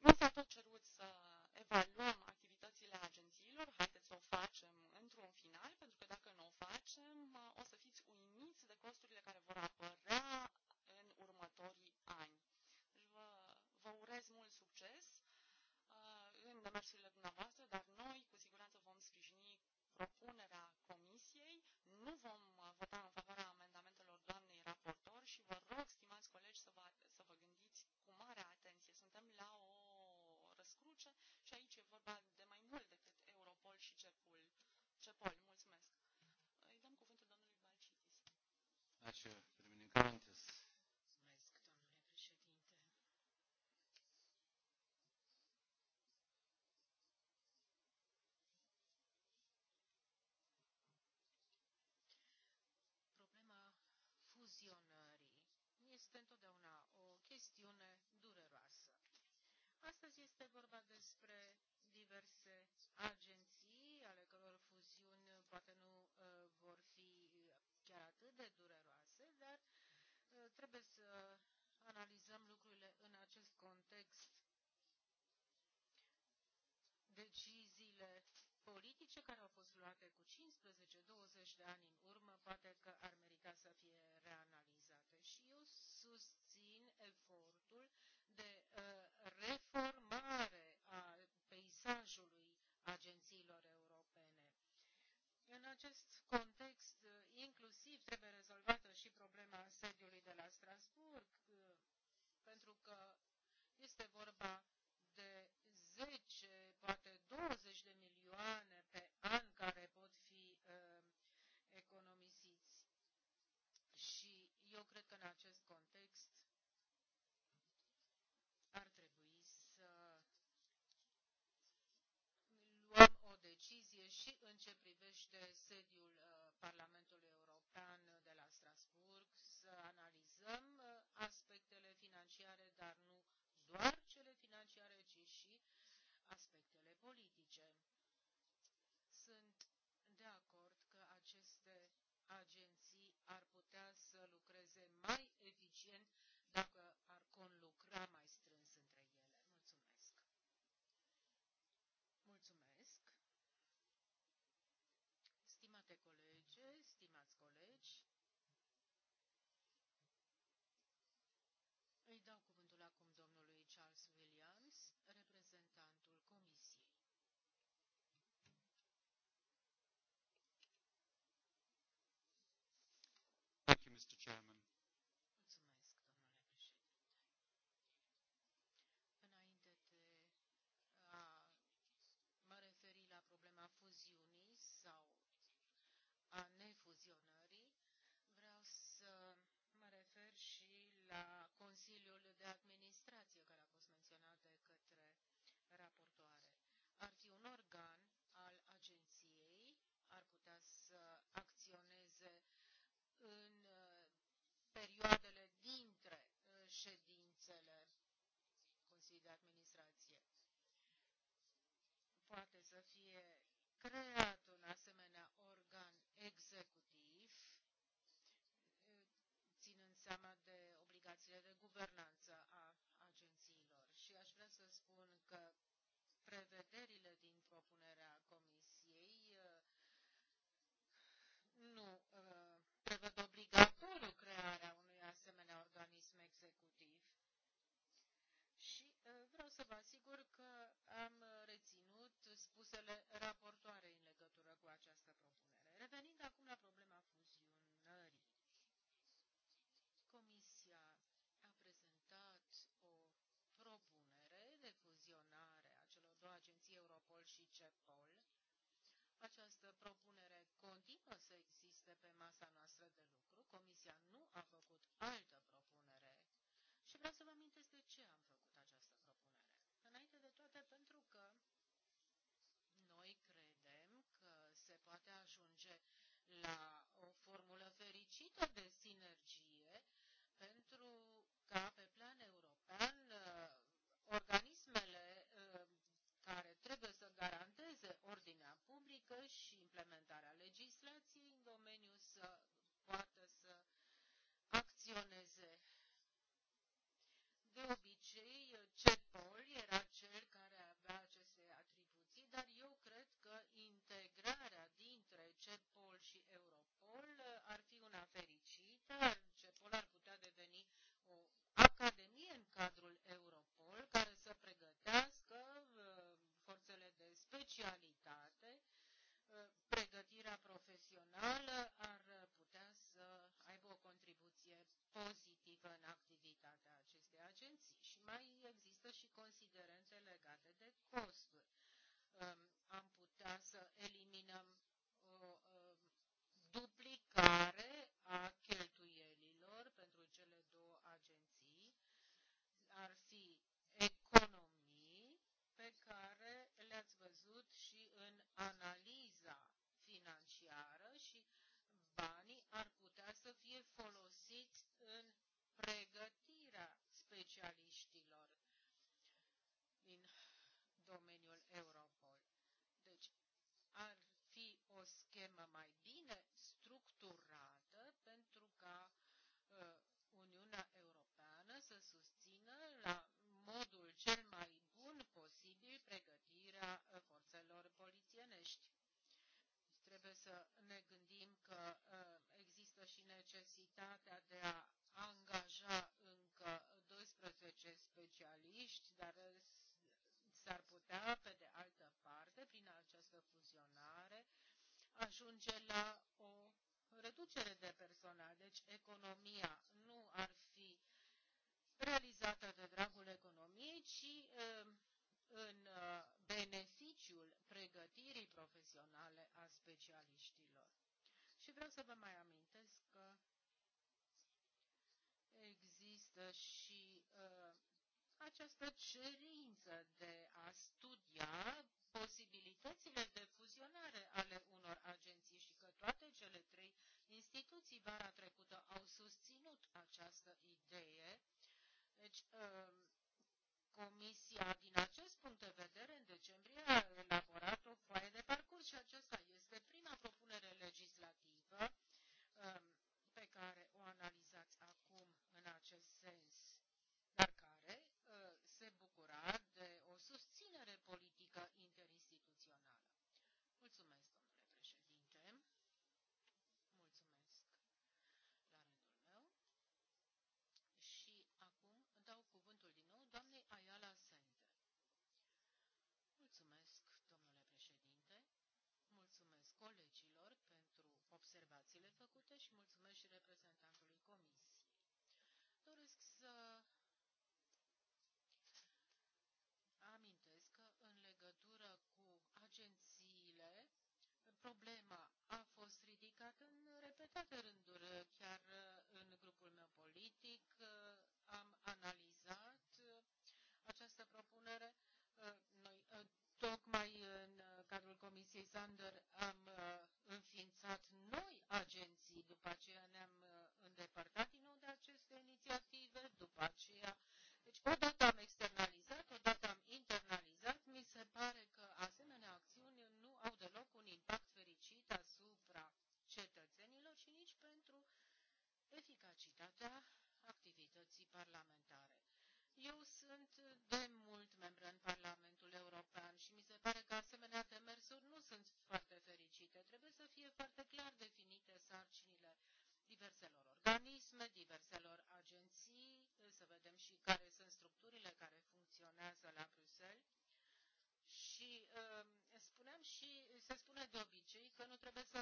Nu s-a tot cerut este întotdeauna o chestiune dureroasă. Astăzi este vorba despre diverse agenții, ale căror fuziuni poate nu uh, vor fi chiar atât de dureroase, dar uh, trebuie să analizăm lucrurile în acest context. Deciziile politice care au fost luate cu 15-20 de ani în urmă, poate că ar merita să fie susțin efortul de uh, reformare a peisajului agențiilor europene. În acest context, uh, inclusiv trebuie rezolvată și problema sediului de la Strasburg, uh, pentru că este vorba de Cred că în acest context ar trebui să luăm o decizie și în ce privește sediul uh, Parlamentului European de la Strasburg, să analizăm uh, aspectele financiare, dar nu doar cele financiare, ci și aspectele politice. Sunt de acord Îi dau cuvântul acum domnului Charles Williams, reprezentantul Comisiei. Thank you, Mr. Chairman. perioadele dintre uh, ședințele Consiliului de Administrație. Poate să fie creat un asemenea organ executiv, uh, ținând seama de obligațiile de guvernanță a agențiilor. Și aș vrea să spun că prevederile din propunerea Comisiei Eh, vreau să vă asigur că am reținut spusele raportoarei în legătură cu această propunere. Revenind acum la problema fuzionării. Comisia a prezentat o propunere de fuzionare a celor două agenții Europol și CEPOL. Această propunere continuă să existe pe masa noastră de lucru. Comisia nu a făcut altă propunere. Și vreau să vă amintesc de ce am făcut la o formulă fericită de sinergie pentru ca pe plan european uh, organismele uh, care trebuie să garanteze ordinea publică și implementarea legislației în domeniu să poată să acționeze specialitate, uh, pregătirea profesională ar putea să aibă o contribuție pozitivă în activitatea acestei agenții. Și mai există și considerente analiza financiară și banii ar putea să fie folosiți în pregătirea specialiștilor trebuie să ne gândim că ă, există și necesitatea de a angaja încă 12 specialiști, dar ă, s-ar putea, pe de altă parte, prin această fuzionare, ajunge la o reducere de personal. Deci economia nu ar fi realizată de dragul economiei, ci ă, în beneficiul pregătirii profesionale a specialiștilor. Și vreau să vă mai amintesc că există și uh, această cerință de a studia posibilitățile de fuzionare ale unor agenții și că toate cele trei instituții vara trecută au susținut această idee. Deci, uh, Comisia, din acest punct de vedere, în decembrie a elaborat o foaie de parcurs și aceasta este prima propunere colegilor pentru observațiile făcute și mulțumesc și reprezentantului comisiei. Doresc să amintesc că în legătură cu agențiile, problema a fost ridicată în repetate rânduri, chiar în grupul meu politic am analizat această propunere. Noi tocmai în cadrul Comisiei Sander am înființat noi agenții, după aceea ne-am uh, îndepărtat din nou de aceste inițiative, după aceea. Deci, odată am externalizat, odată am internalizat, mi se pare că asemenea acțiuni nu au deloc un impact fericit asupra cetățenilor și nici pentru eficacitatea activității parlamentare. Eu sunt de mult membru în Parlamentul European și mi se pare că asemenea teme diverselor agenții, să vedem și care sunt structurile care funcționează la Bruxelles. Și uh, spuneam și se spune de obicei că nu trebuie să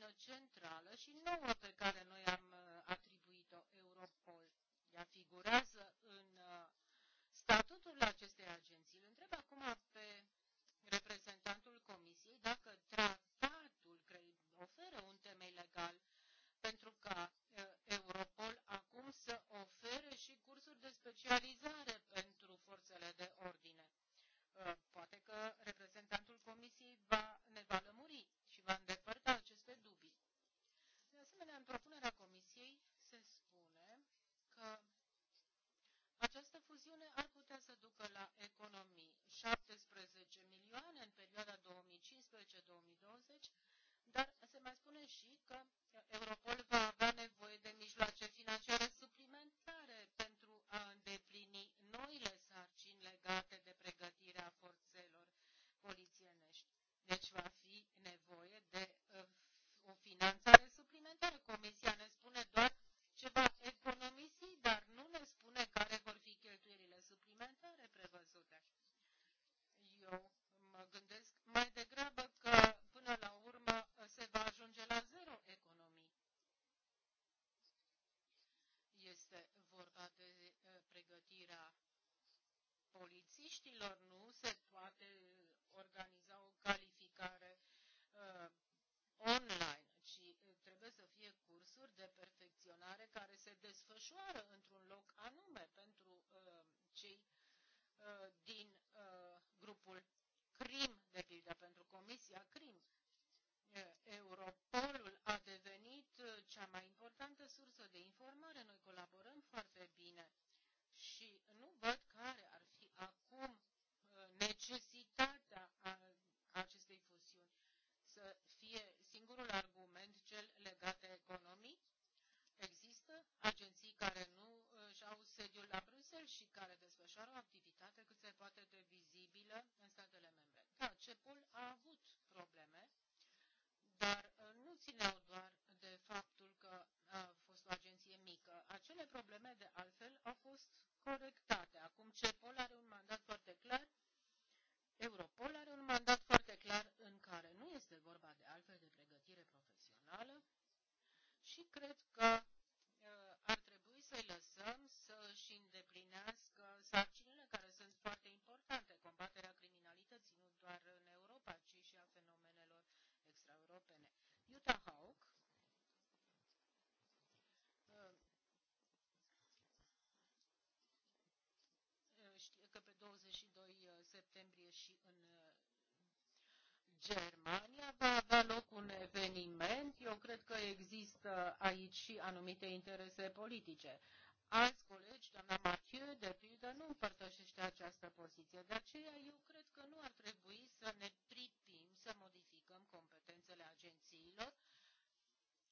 sarcină centrală și nouă pe care noi Germania va avea loc un eveniment. Eu cred că există aici și anumite interese politice. Alți colegi, doamna Mathieu, de pildă, nu împărtășește această poziție. De aceea, eu cred că nu ar trebui să ne pripim să modificăm competențele agențiilor,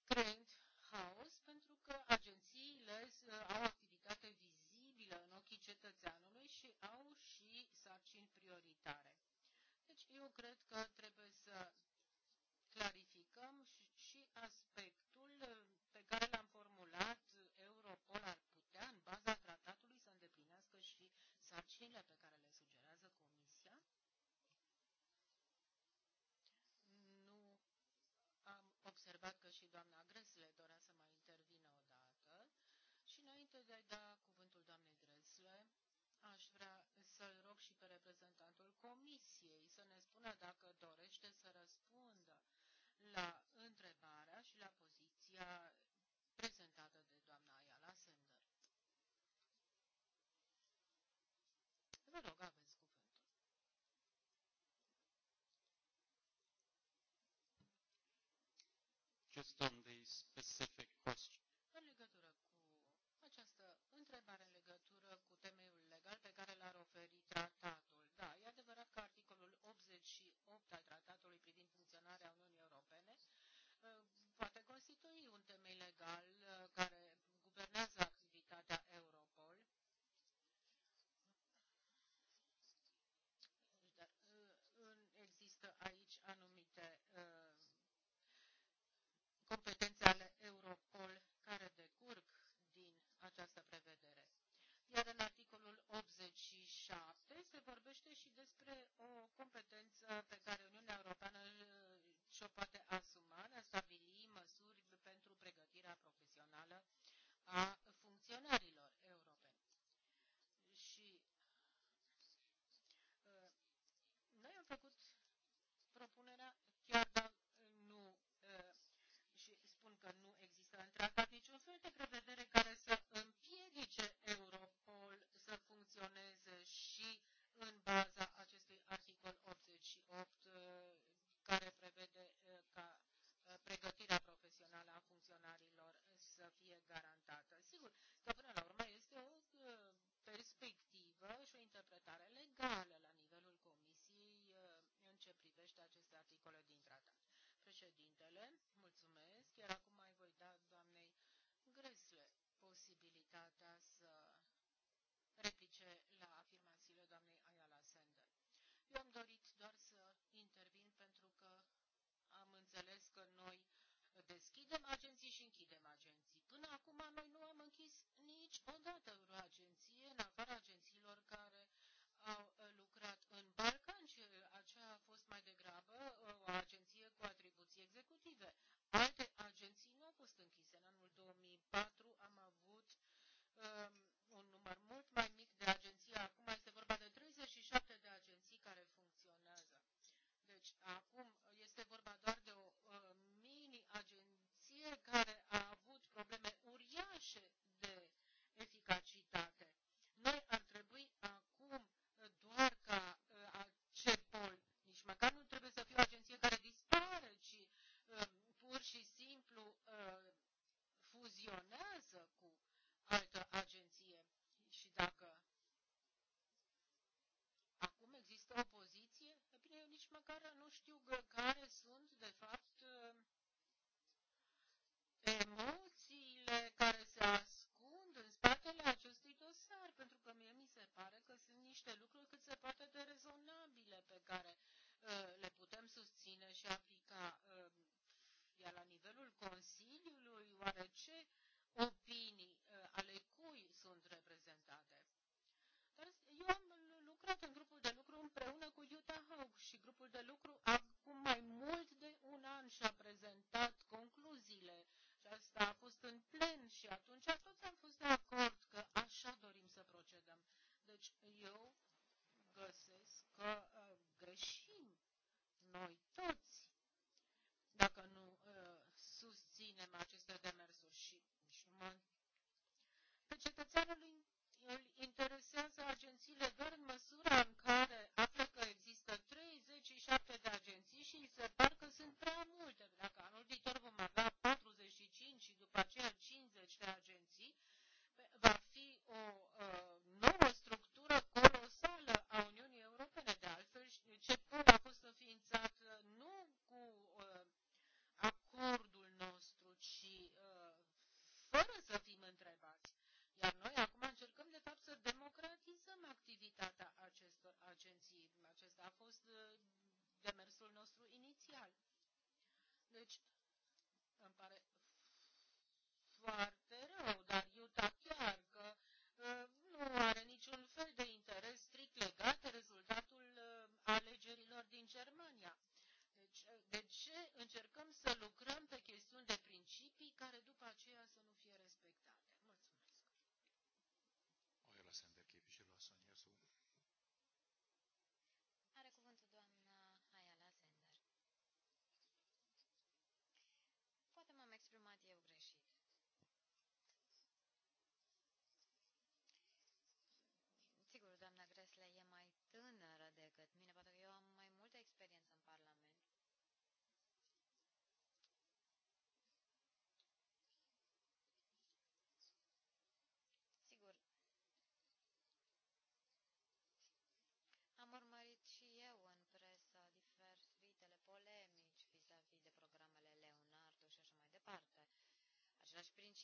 creând haos, pentru că agențiile uh, au activitate vizibilă în ochii cetățeanului și au și sarcini prioritare. Deci eu cred că trebuie să clarificăm și, aspectul pe care l-am formulat, Europol ar putea, în baza tratatului, să îndeplinească și sarcinile pe care le sugerează Comisia. Nu am observat că și doamna Gresle dorea să mai intervină o dată. Și înainte de a da cuvântul doamnei Gresle, aș vrea să-l rog și pe reprezentantul Comisiei să ne spună dacă dorește să răspundă la întrebarea și la poziția prezentată de doamna Ayala Sender. Vă rog, aveți cuvântul. Just on the specific question. Iar în articolul 87 se vorbește și despre o competență pe care Uniunea Europeană și-o poate asuma de a stabili măsuri pentru pregătirea profesională a funcționarilor europeni. Și uh, noi am făcut propunerea chiar dacă nu uh, și spun că nu există în tratat niciun fel de aceste articole din tratat. Președintele, mulțumesc, iar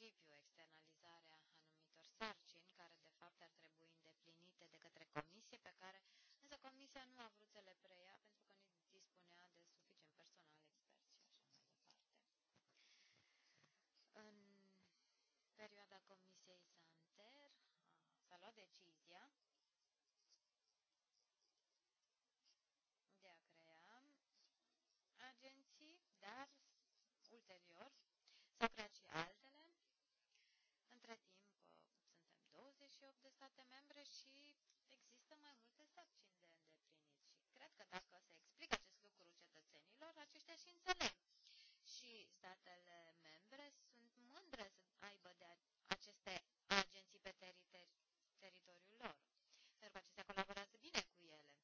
principiu externalizarea anumitor sarcini, care de fapt ar trebui îndeplinite de către comisie, pe care însă comisia nu a vrut să le preia pentru că nu dispunea de suficient personal expert și așa mai departe. În perioada comisiei Santer s-a luat decizia de a crea agenții, dar ulterior 28 de state membre și există mai multe sarcini de îndeplinit. Și cred că dacă se explică acest lucru cetățenilor, aceștia și înțeleg. Și statele membre sunt mândre să aibă de aceste agenții pe teritori teritoriul lor, pentru că acestea colaborează bine cu ele.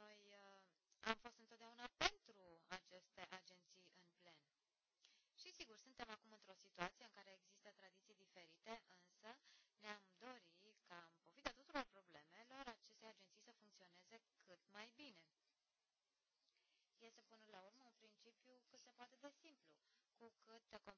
Noi uh, am fost întotdeauna pentru aceste agenții în plen. Și sigur, suntem acum într-o situație în care există cu cât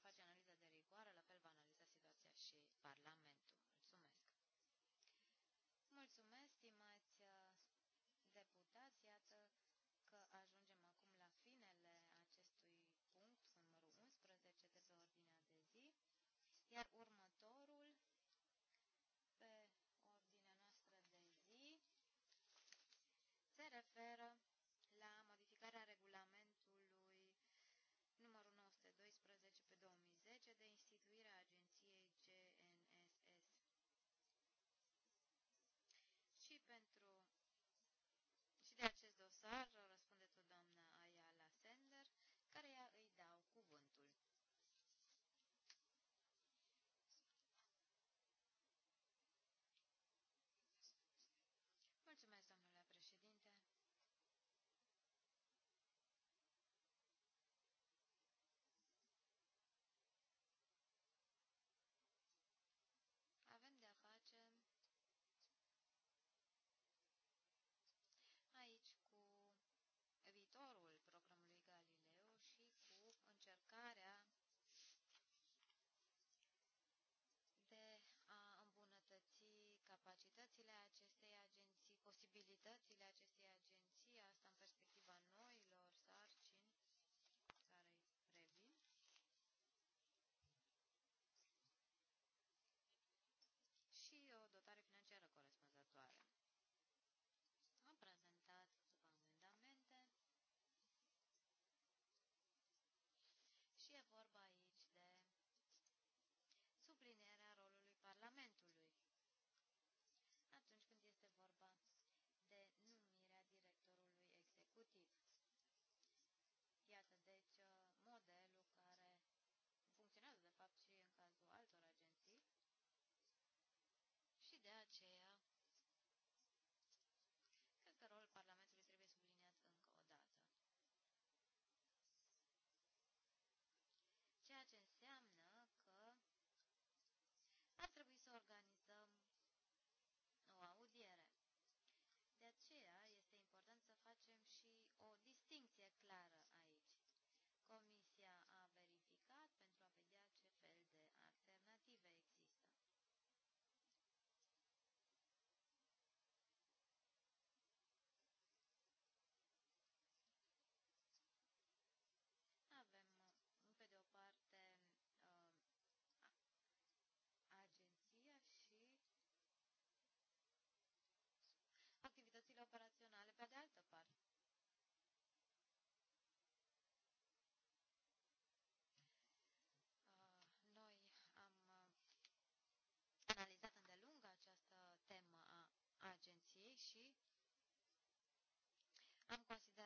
va face analiza de rigoare, la fel va analiza situația și Parlamentul. Mulțumesc! Mulțumesc, stimați uh, deputați, iată că ajungem acum la finele acestui punct, cu numărul 11 de pe ordinea de zi, iar următorul pe ordinea noastră de zi se referă mesaj al Activitățile acestei am considerat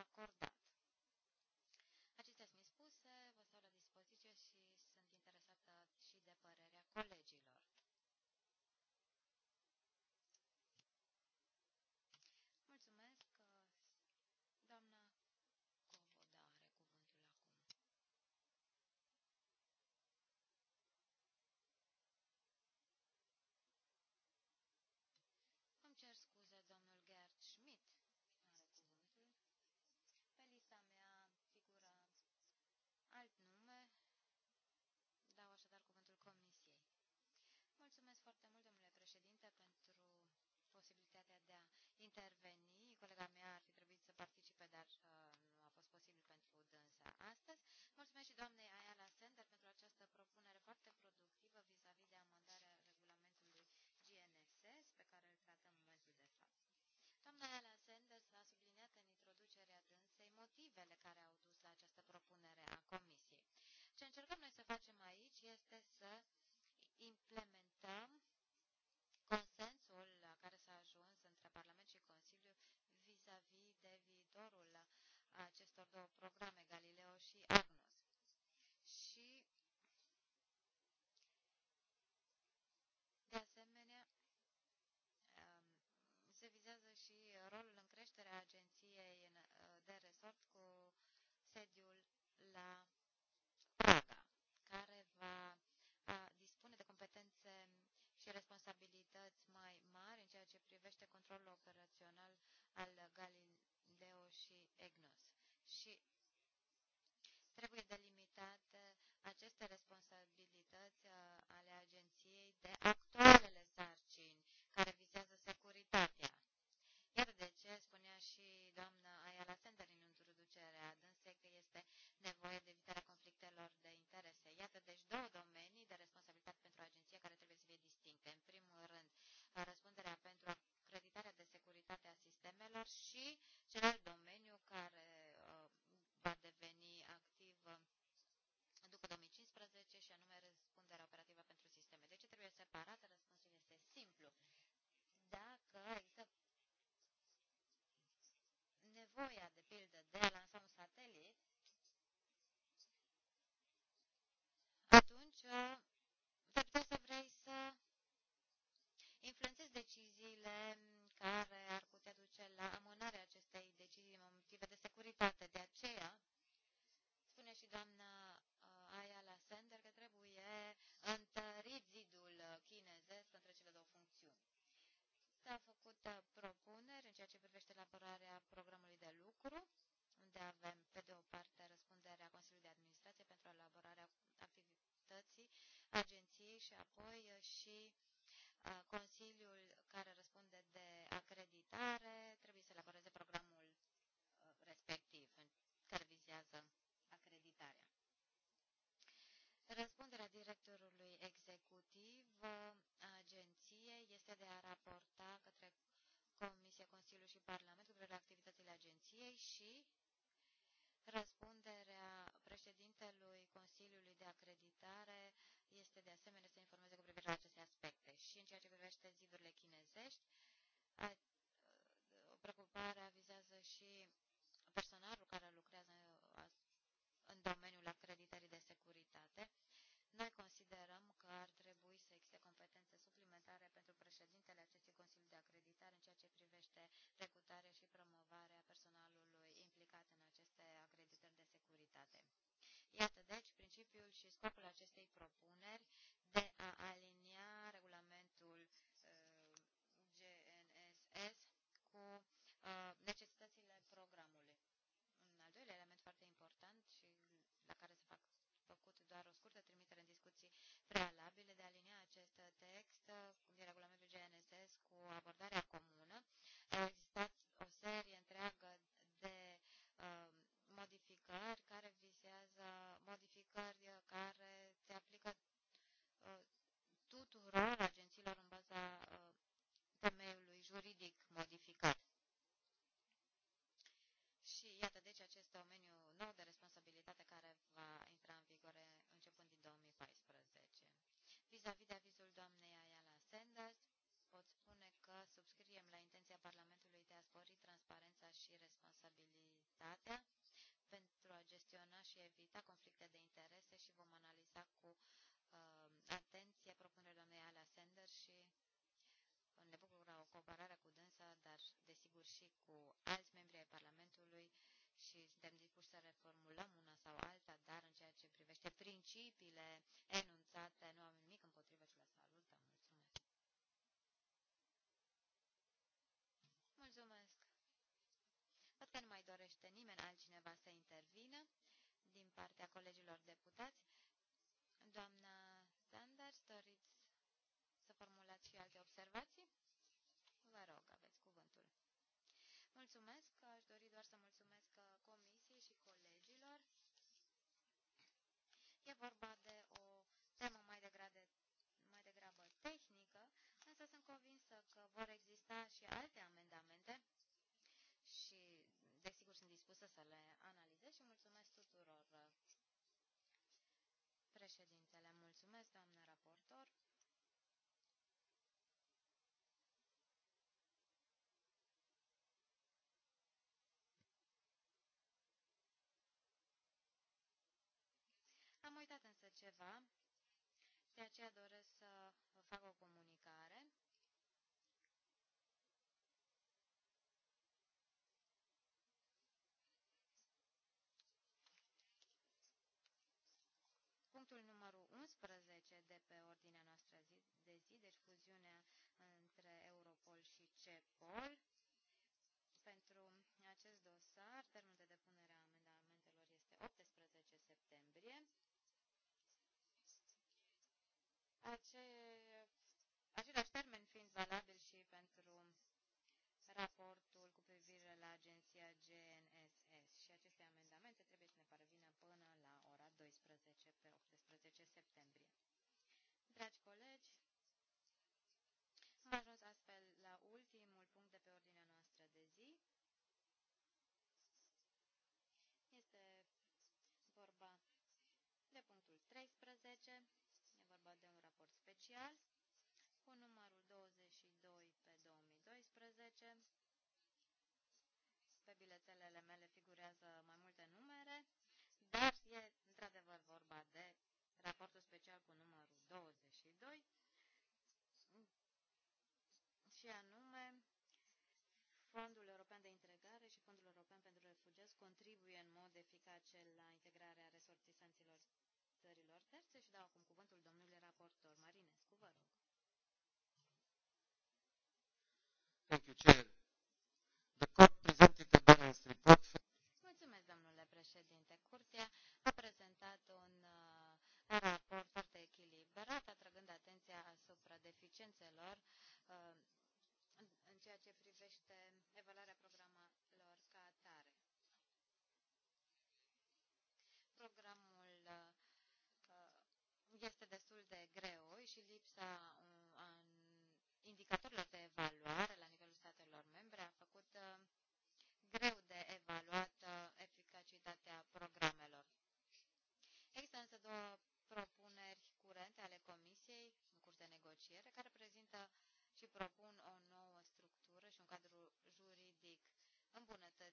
acorda posibilitatea de a interveni. Colega mea ar fi trebuit să participe, dar uh, nu a fost posibil pentru dânsa astăzi. Mulțumesc și doamnei Ayala Sender pentru această propunere foarte productivă vis-a-vis de amendarea regulamentului GNSS pe care îl tratăm în momentul de față. Doamna Ayala Sanders a subliniat în introducerea dânsei motivele care au dus control operațional al Galileo și EGNOS. Și trebuie delimitat cea Consiliul care răspunde de acreditare trebuie să elaboreze programul uh, respectiv care vizează acreditarea. Răspunderea directorului executiv uh, agenției este de a raporta către Comisie, Consiliul și Parlamentul cu activitățile agenției și Răspunderea președintelui Consiliului de Acreditare este de asemenea să informeze cu privire la și în ceea ce privește zidurile chinezești. o preocupare vizează și personalul care lucrează în domeniul acreditării de securitate. Noi considerăm că ar trebui să existe competențe suplimentare pentru președintele acestui Consiliu de Acreditare în ceea ce privește recrutarea și promovarea personalului implicat în aceste acreditări de securitate. Iată, deci, principiul și scopul acestei propuneri aceea doresc ace, același termen fiind valabil și pentru raportul cu privire la agenția GNSS și aceste amendamente trebuie să ne parvină până la ora 12 pe 18 septembrie. Dragi colegi, am ajuns astfel la ultimul punct de pe ordinea noastră de zi. Este vorba de punctul 13 raport special cu numărul 22 pe 2012. Pe biletelele mele figurează mai multe numere, dar e într-adevăr vorba de raportul special cu numărul 22 și anume Fondul European de Integrare și Fondul European pentru Refugiați contribuie în mod eficace la integrarea resortisanților țărilor terțe și dau acum cuvântul domnului raportor Marinescu, vă rog. Thank you, Chair. The court presented a balanced report. Mulțumesc, domnule președinte. Curtea a prezentat un uh, raport foarte echilibrat, atrăgând atenția asupra deficiențelor uh, în ceea ce privește evaluarea și lipsa uh, indicatorilor de evaluare la nivelul statelor membre a făcut uh, greu de evaluat uh, eficacitatea programelor. Există însă două propuneri curente ale Comisiei în curs de negociere care prezintă și propun o nouă structură și un cadru juridic îmbunătățit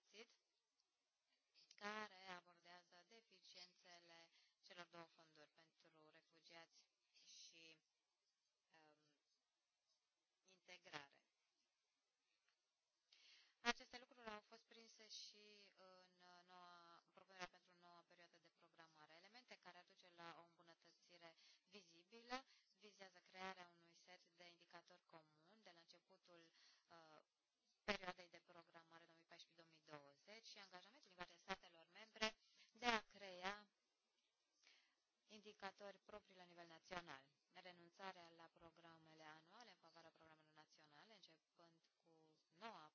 Aceste lucruri au fost prinse și în uh, noua, propunerea pentru noua perioadă de programare. Elemente care aduce la o îmbunătățire vizibilă vizează crearea unui set de indicatori comun de la începutul uh, perioadei de programare 2014-2020 și angajamentul din partea statelor membre de a crea indicatori proprii la nivel național. Renunțarea la programele anuale în favoarea programelor naționale, începând cu noua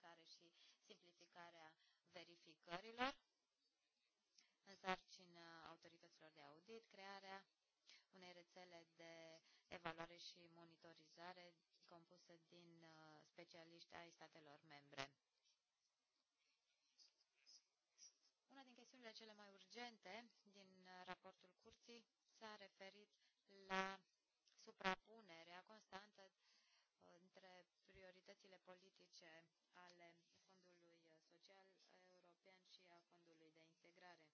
simplificare și simplificarea verificărilor în sarcină autorităților de audit, crearea unei rețele de evaluare și monitorizare compusă din uh, specialiști ai statelor membre. Una din chestiunile cele mai urgente din uh, raportul curții s-a referit la suprapunerea constantă prioritățile politice ale Fondului Social European și a Fondului de Integrare.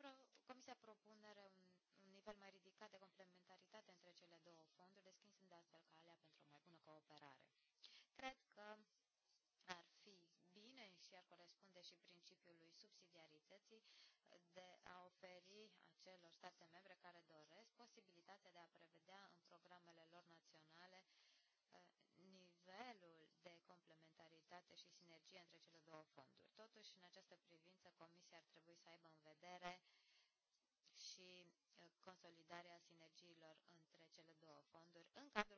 Pro Comisia propune un nivel mai ridicat de complementaritate între cele două fonduri, deschinsând astfel calea pentru o mai bună cooperare. Cred că ar fi bine și ar corespunde și principiului subsidiarității de a oferi acelor state membre care doresc posibilitatea de a prevedea în programele lor naționale nivelul de complementaritate și sinergie între cele două fonduri. Totuși, în această privință, Comisia ar trebui să aibă în vedere și uh, consolidarea sinergiilor între cele două fonduri în cadrul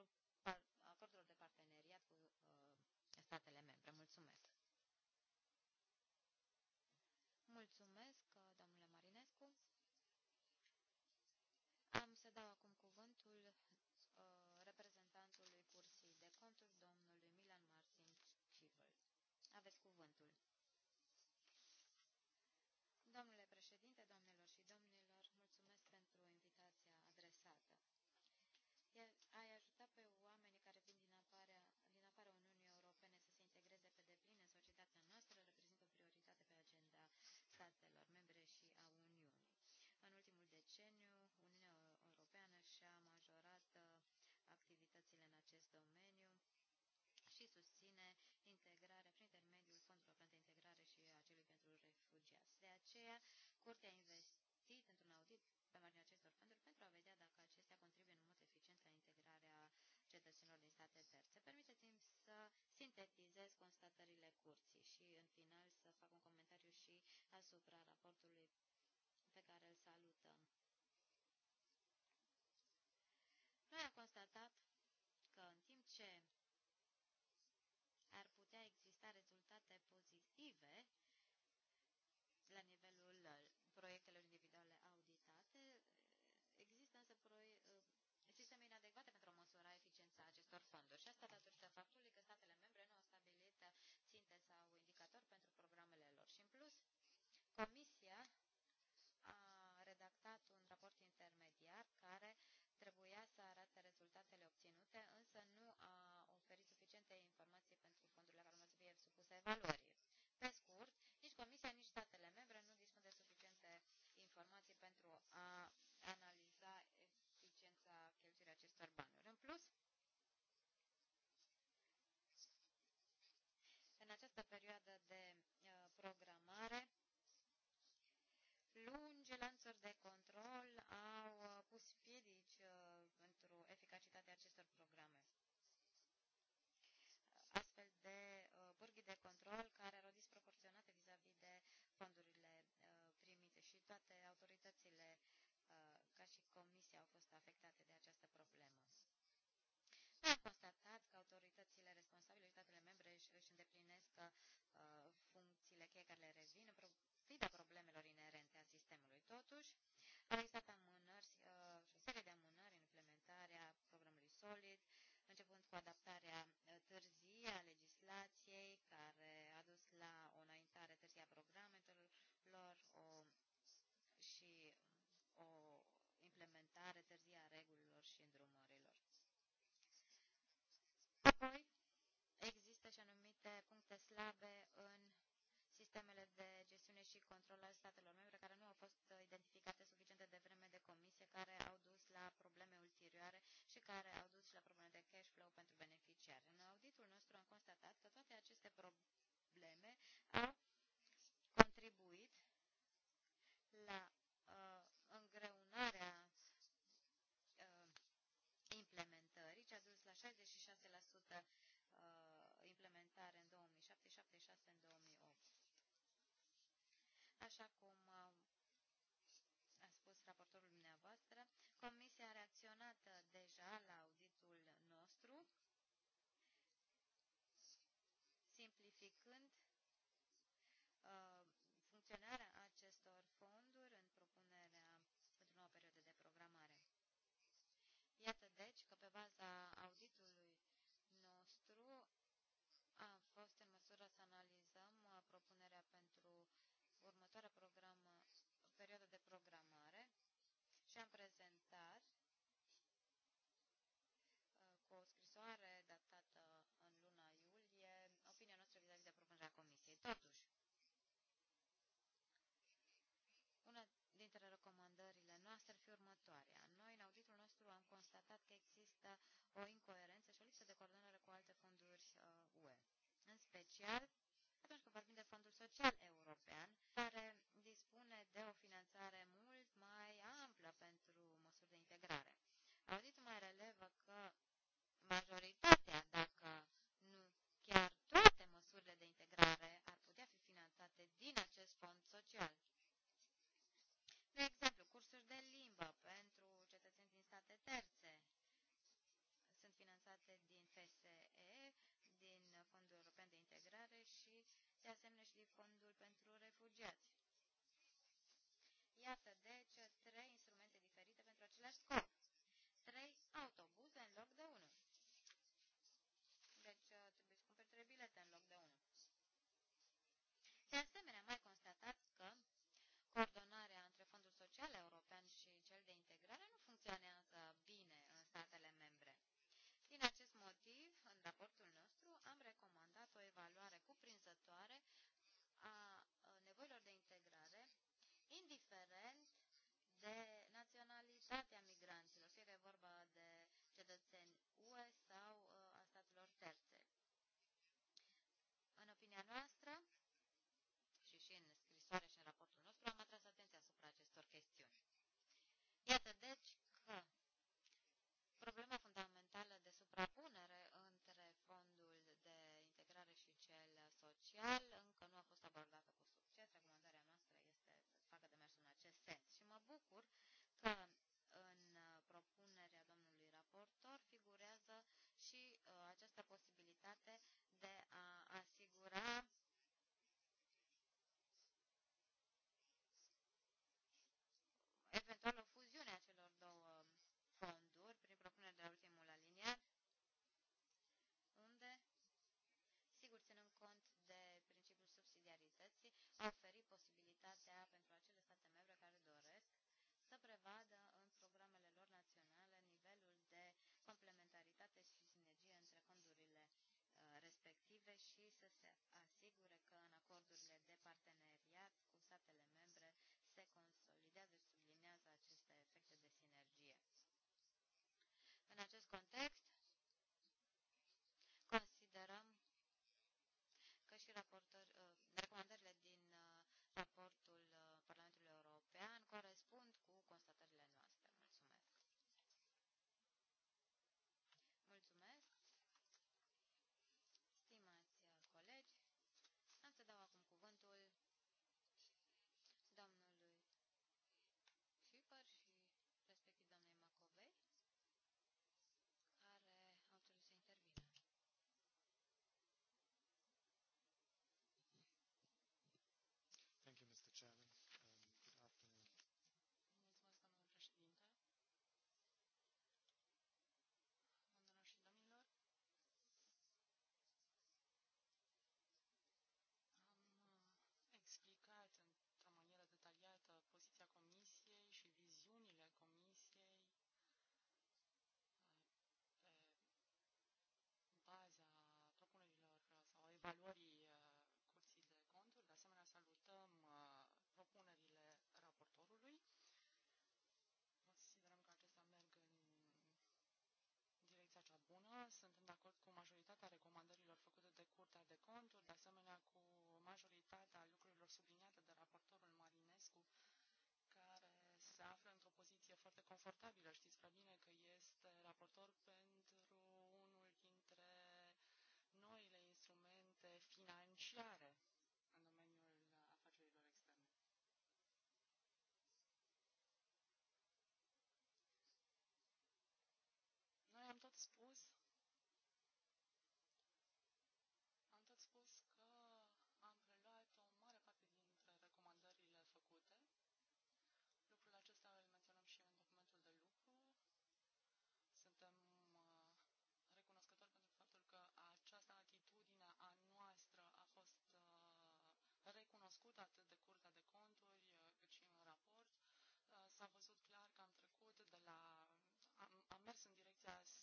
acest domeniu și susține integrarea prin intermediul Fondului pentru Integrare și acelui pentru refugiați. De aceea, Curtea a investit într-un audit pe marginea acestor fonduri pentru a vedea dacă acestea contribuie în mod eficient la integrarea cetățenilor din state terțe. Permiteți-mi să sintetizez constatările curții și, în final, să fac un comentariu și asupra raportului pe care îl salutăm. Noi am constatat ce valoare. Apoi, există și anumite puncte slabe în sistemele de gestiune și control al statelor membre care nu au fost identificate suficient de vreme de comisie, care au dus la probleme ulterioare și care au dus și la probleme de cash flow pentru beneficiari. În auditul nostru am constatat că toate aceste în 2008. Așa cum uh, special atunci când vorbim de Fondul Social European, care dispune de o finanțare mult mai amplă pentru măsuri de integrare. Auditul mai relevă că majoritatea, dacă nu chiar toate măsurile de integrare, ar putea fi finanțate din acest fond social. De exemplu, cursuri de limbă pentru cetățeni din state terțe sunt finanțate din FSE de asemenea și fondul pentru refugiați. Iată, deci, trei instrumente diferite pentru același scop. Trei autobuze în loc de unul. Deci, uh, trebuie să cumperi trei bilete în loc de unul. De asemenea, mai constatat că coordonarea între Fondul Social European și cel de integrare nu funcționează bine în statele membre. Din acest motiv, în raportul nostru, am recomandat o evaluare acest context, considerăm că și raportor, uh, claritate a lucrurilor subliniate de raportorul Marinescu, care se află într-o poziție foarte confortabilă. Știți prea bine că este raportor pentru unul dintre noile instrumente financiare mers în direcția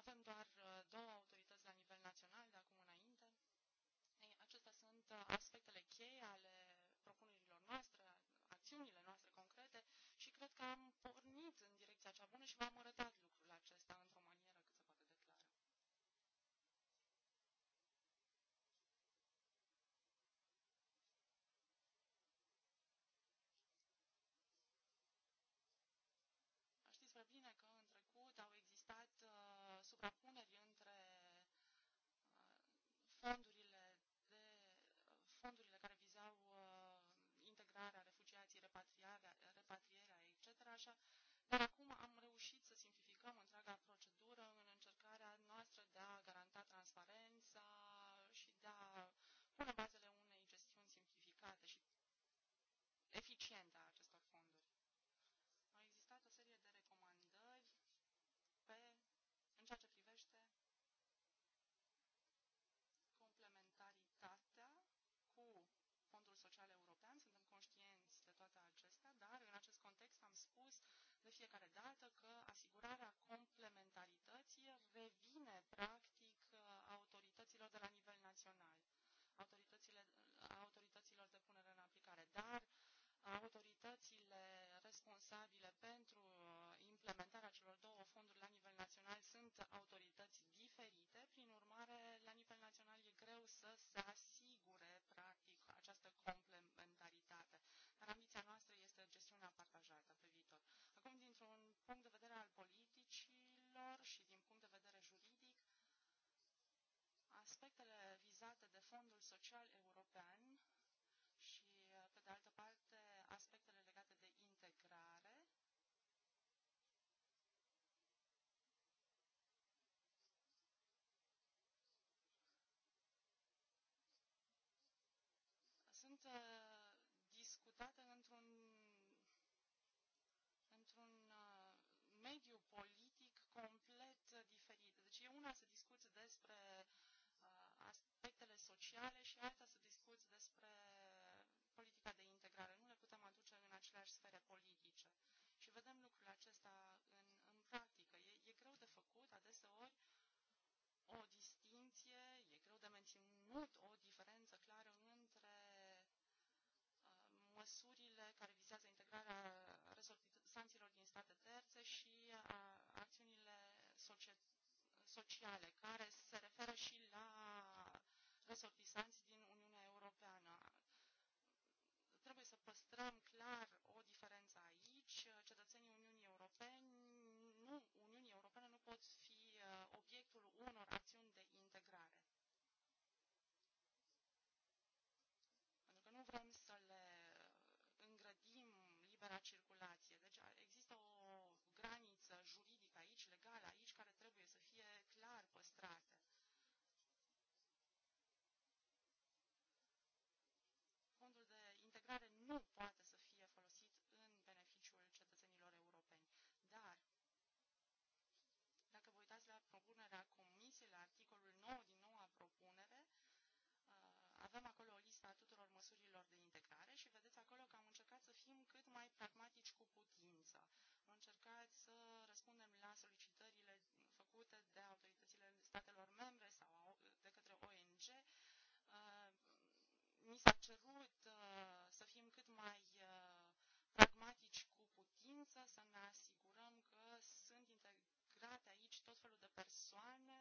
avem doar uh, două autorități la nivel național de acum înainte. Ei, acestea sunt uh, aspectele cheie ale propunerilor noastre, acțiunile noastre concrete și cred că am pornit în direcția cea bună și v-am arătat fondurile, de, fondurile care vizau uh, integrarea, refugiații, repatrierea, repatrierea etc. Așa, de fiecare dată că asigurarea complementarității revine practic autorităților de la nivel național, autoritățile, autorităților de punere în aplicare, dar autoritățile responsabile pentru implementarea celor două fonduri la nivel național sunt autorități aspectele vizate de Fondul Social European și, pe de altă parte, aspectele legate de integrare, sunt uh, discutate într-un într-un uh, mediu politic complet diferit. Deci e una să discutăm acesta în, în practică. E, e greu de făcut, adeseori o distinție, e greu de menținut o diferență clară între uh, măsurile care vizează integrarea resortisanților din state terțe și a, uh, acțiunile sociale, care se referă și la resortisanți din Uniunea Europeană. Trebuie să păstrăm clar o diferență aici. Cetățenii europeni, nu, Uniunii Europene nu pot fi uh, obiectul unor acțiuni de integrare. Pentru că nu vrem să le uh, îngrădim libera circulație. Deci există o graniță juridică aici, legală aici, care trebuie să fie clar păstrată. Fondul de integrare nu poate mai pragmatici cu putință. Am să răspundem la solicitările făcute de autoritățile statelor membre sau de către ONG. Uh, mi s-a cerut uh, să fim cât mai uh, pragmatici cu putință, să ne asigurăm că sunt integrate aici tot felul de persoane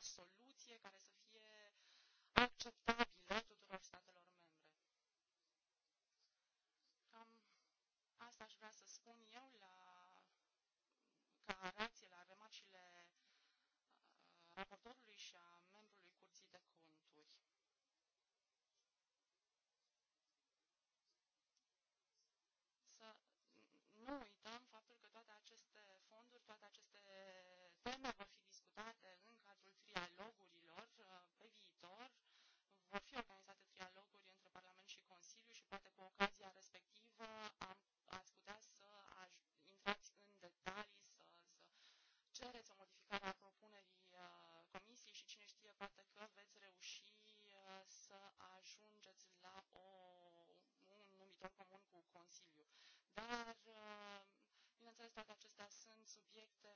soluții Consiliu. Dar, uh, bineînțeles, toate acestea sunt subiecte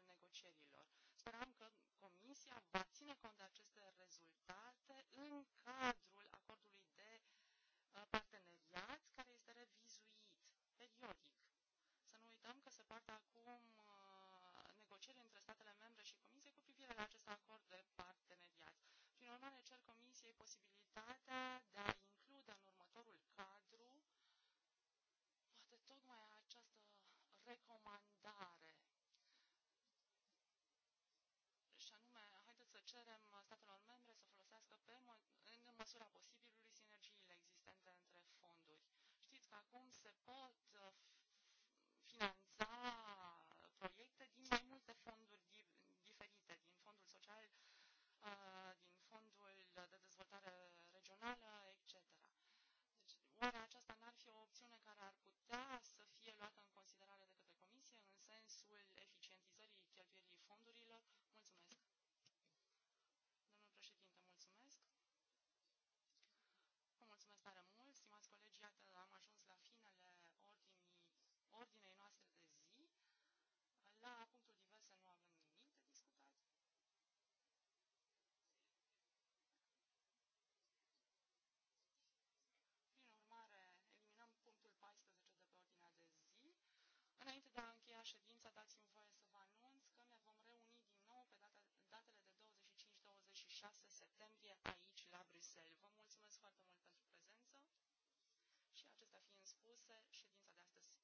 decursul negocierilor. Sperăm că Comisia va ține cont de aceste rezultate în cadrul acordului de uh, parteneriat care este revizuit periodic. Să nu uităm că se poartă acum uh, negocieri între statele membre și Comisie cu privire la acest acord de parteneriat. Prin urmare, cer Comisiei posibilitatea de a include în următorul cadru poate tocmai această recomandare cerem statelor membre să folosească pe, în măsura posibilului sinergiile existente între fonduri. Știți că acum se pot uh, finanța proiecte din mai multe fonduri diferite, din fondul social, uh, din fondul de dezvoltare regională, etc. Deci, oare aceasta n-ar fi o opțiune care ar putea să fie luată în considerare de către Comisie în sensul eficientizării cheltuielii fondurilor, 6 septembrie aici, la Bruxelles. Vă mulțumesc foarte mult pentru prezență și acestea fiind spuse, ședința de astăzi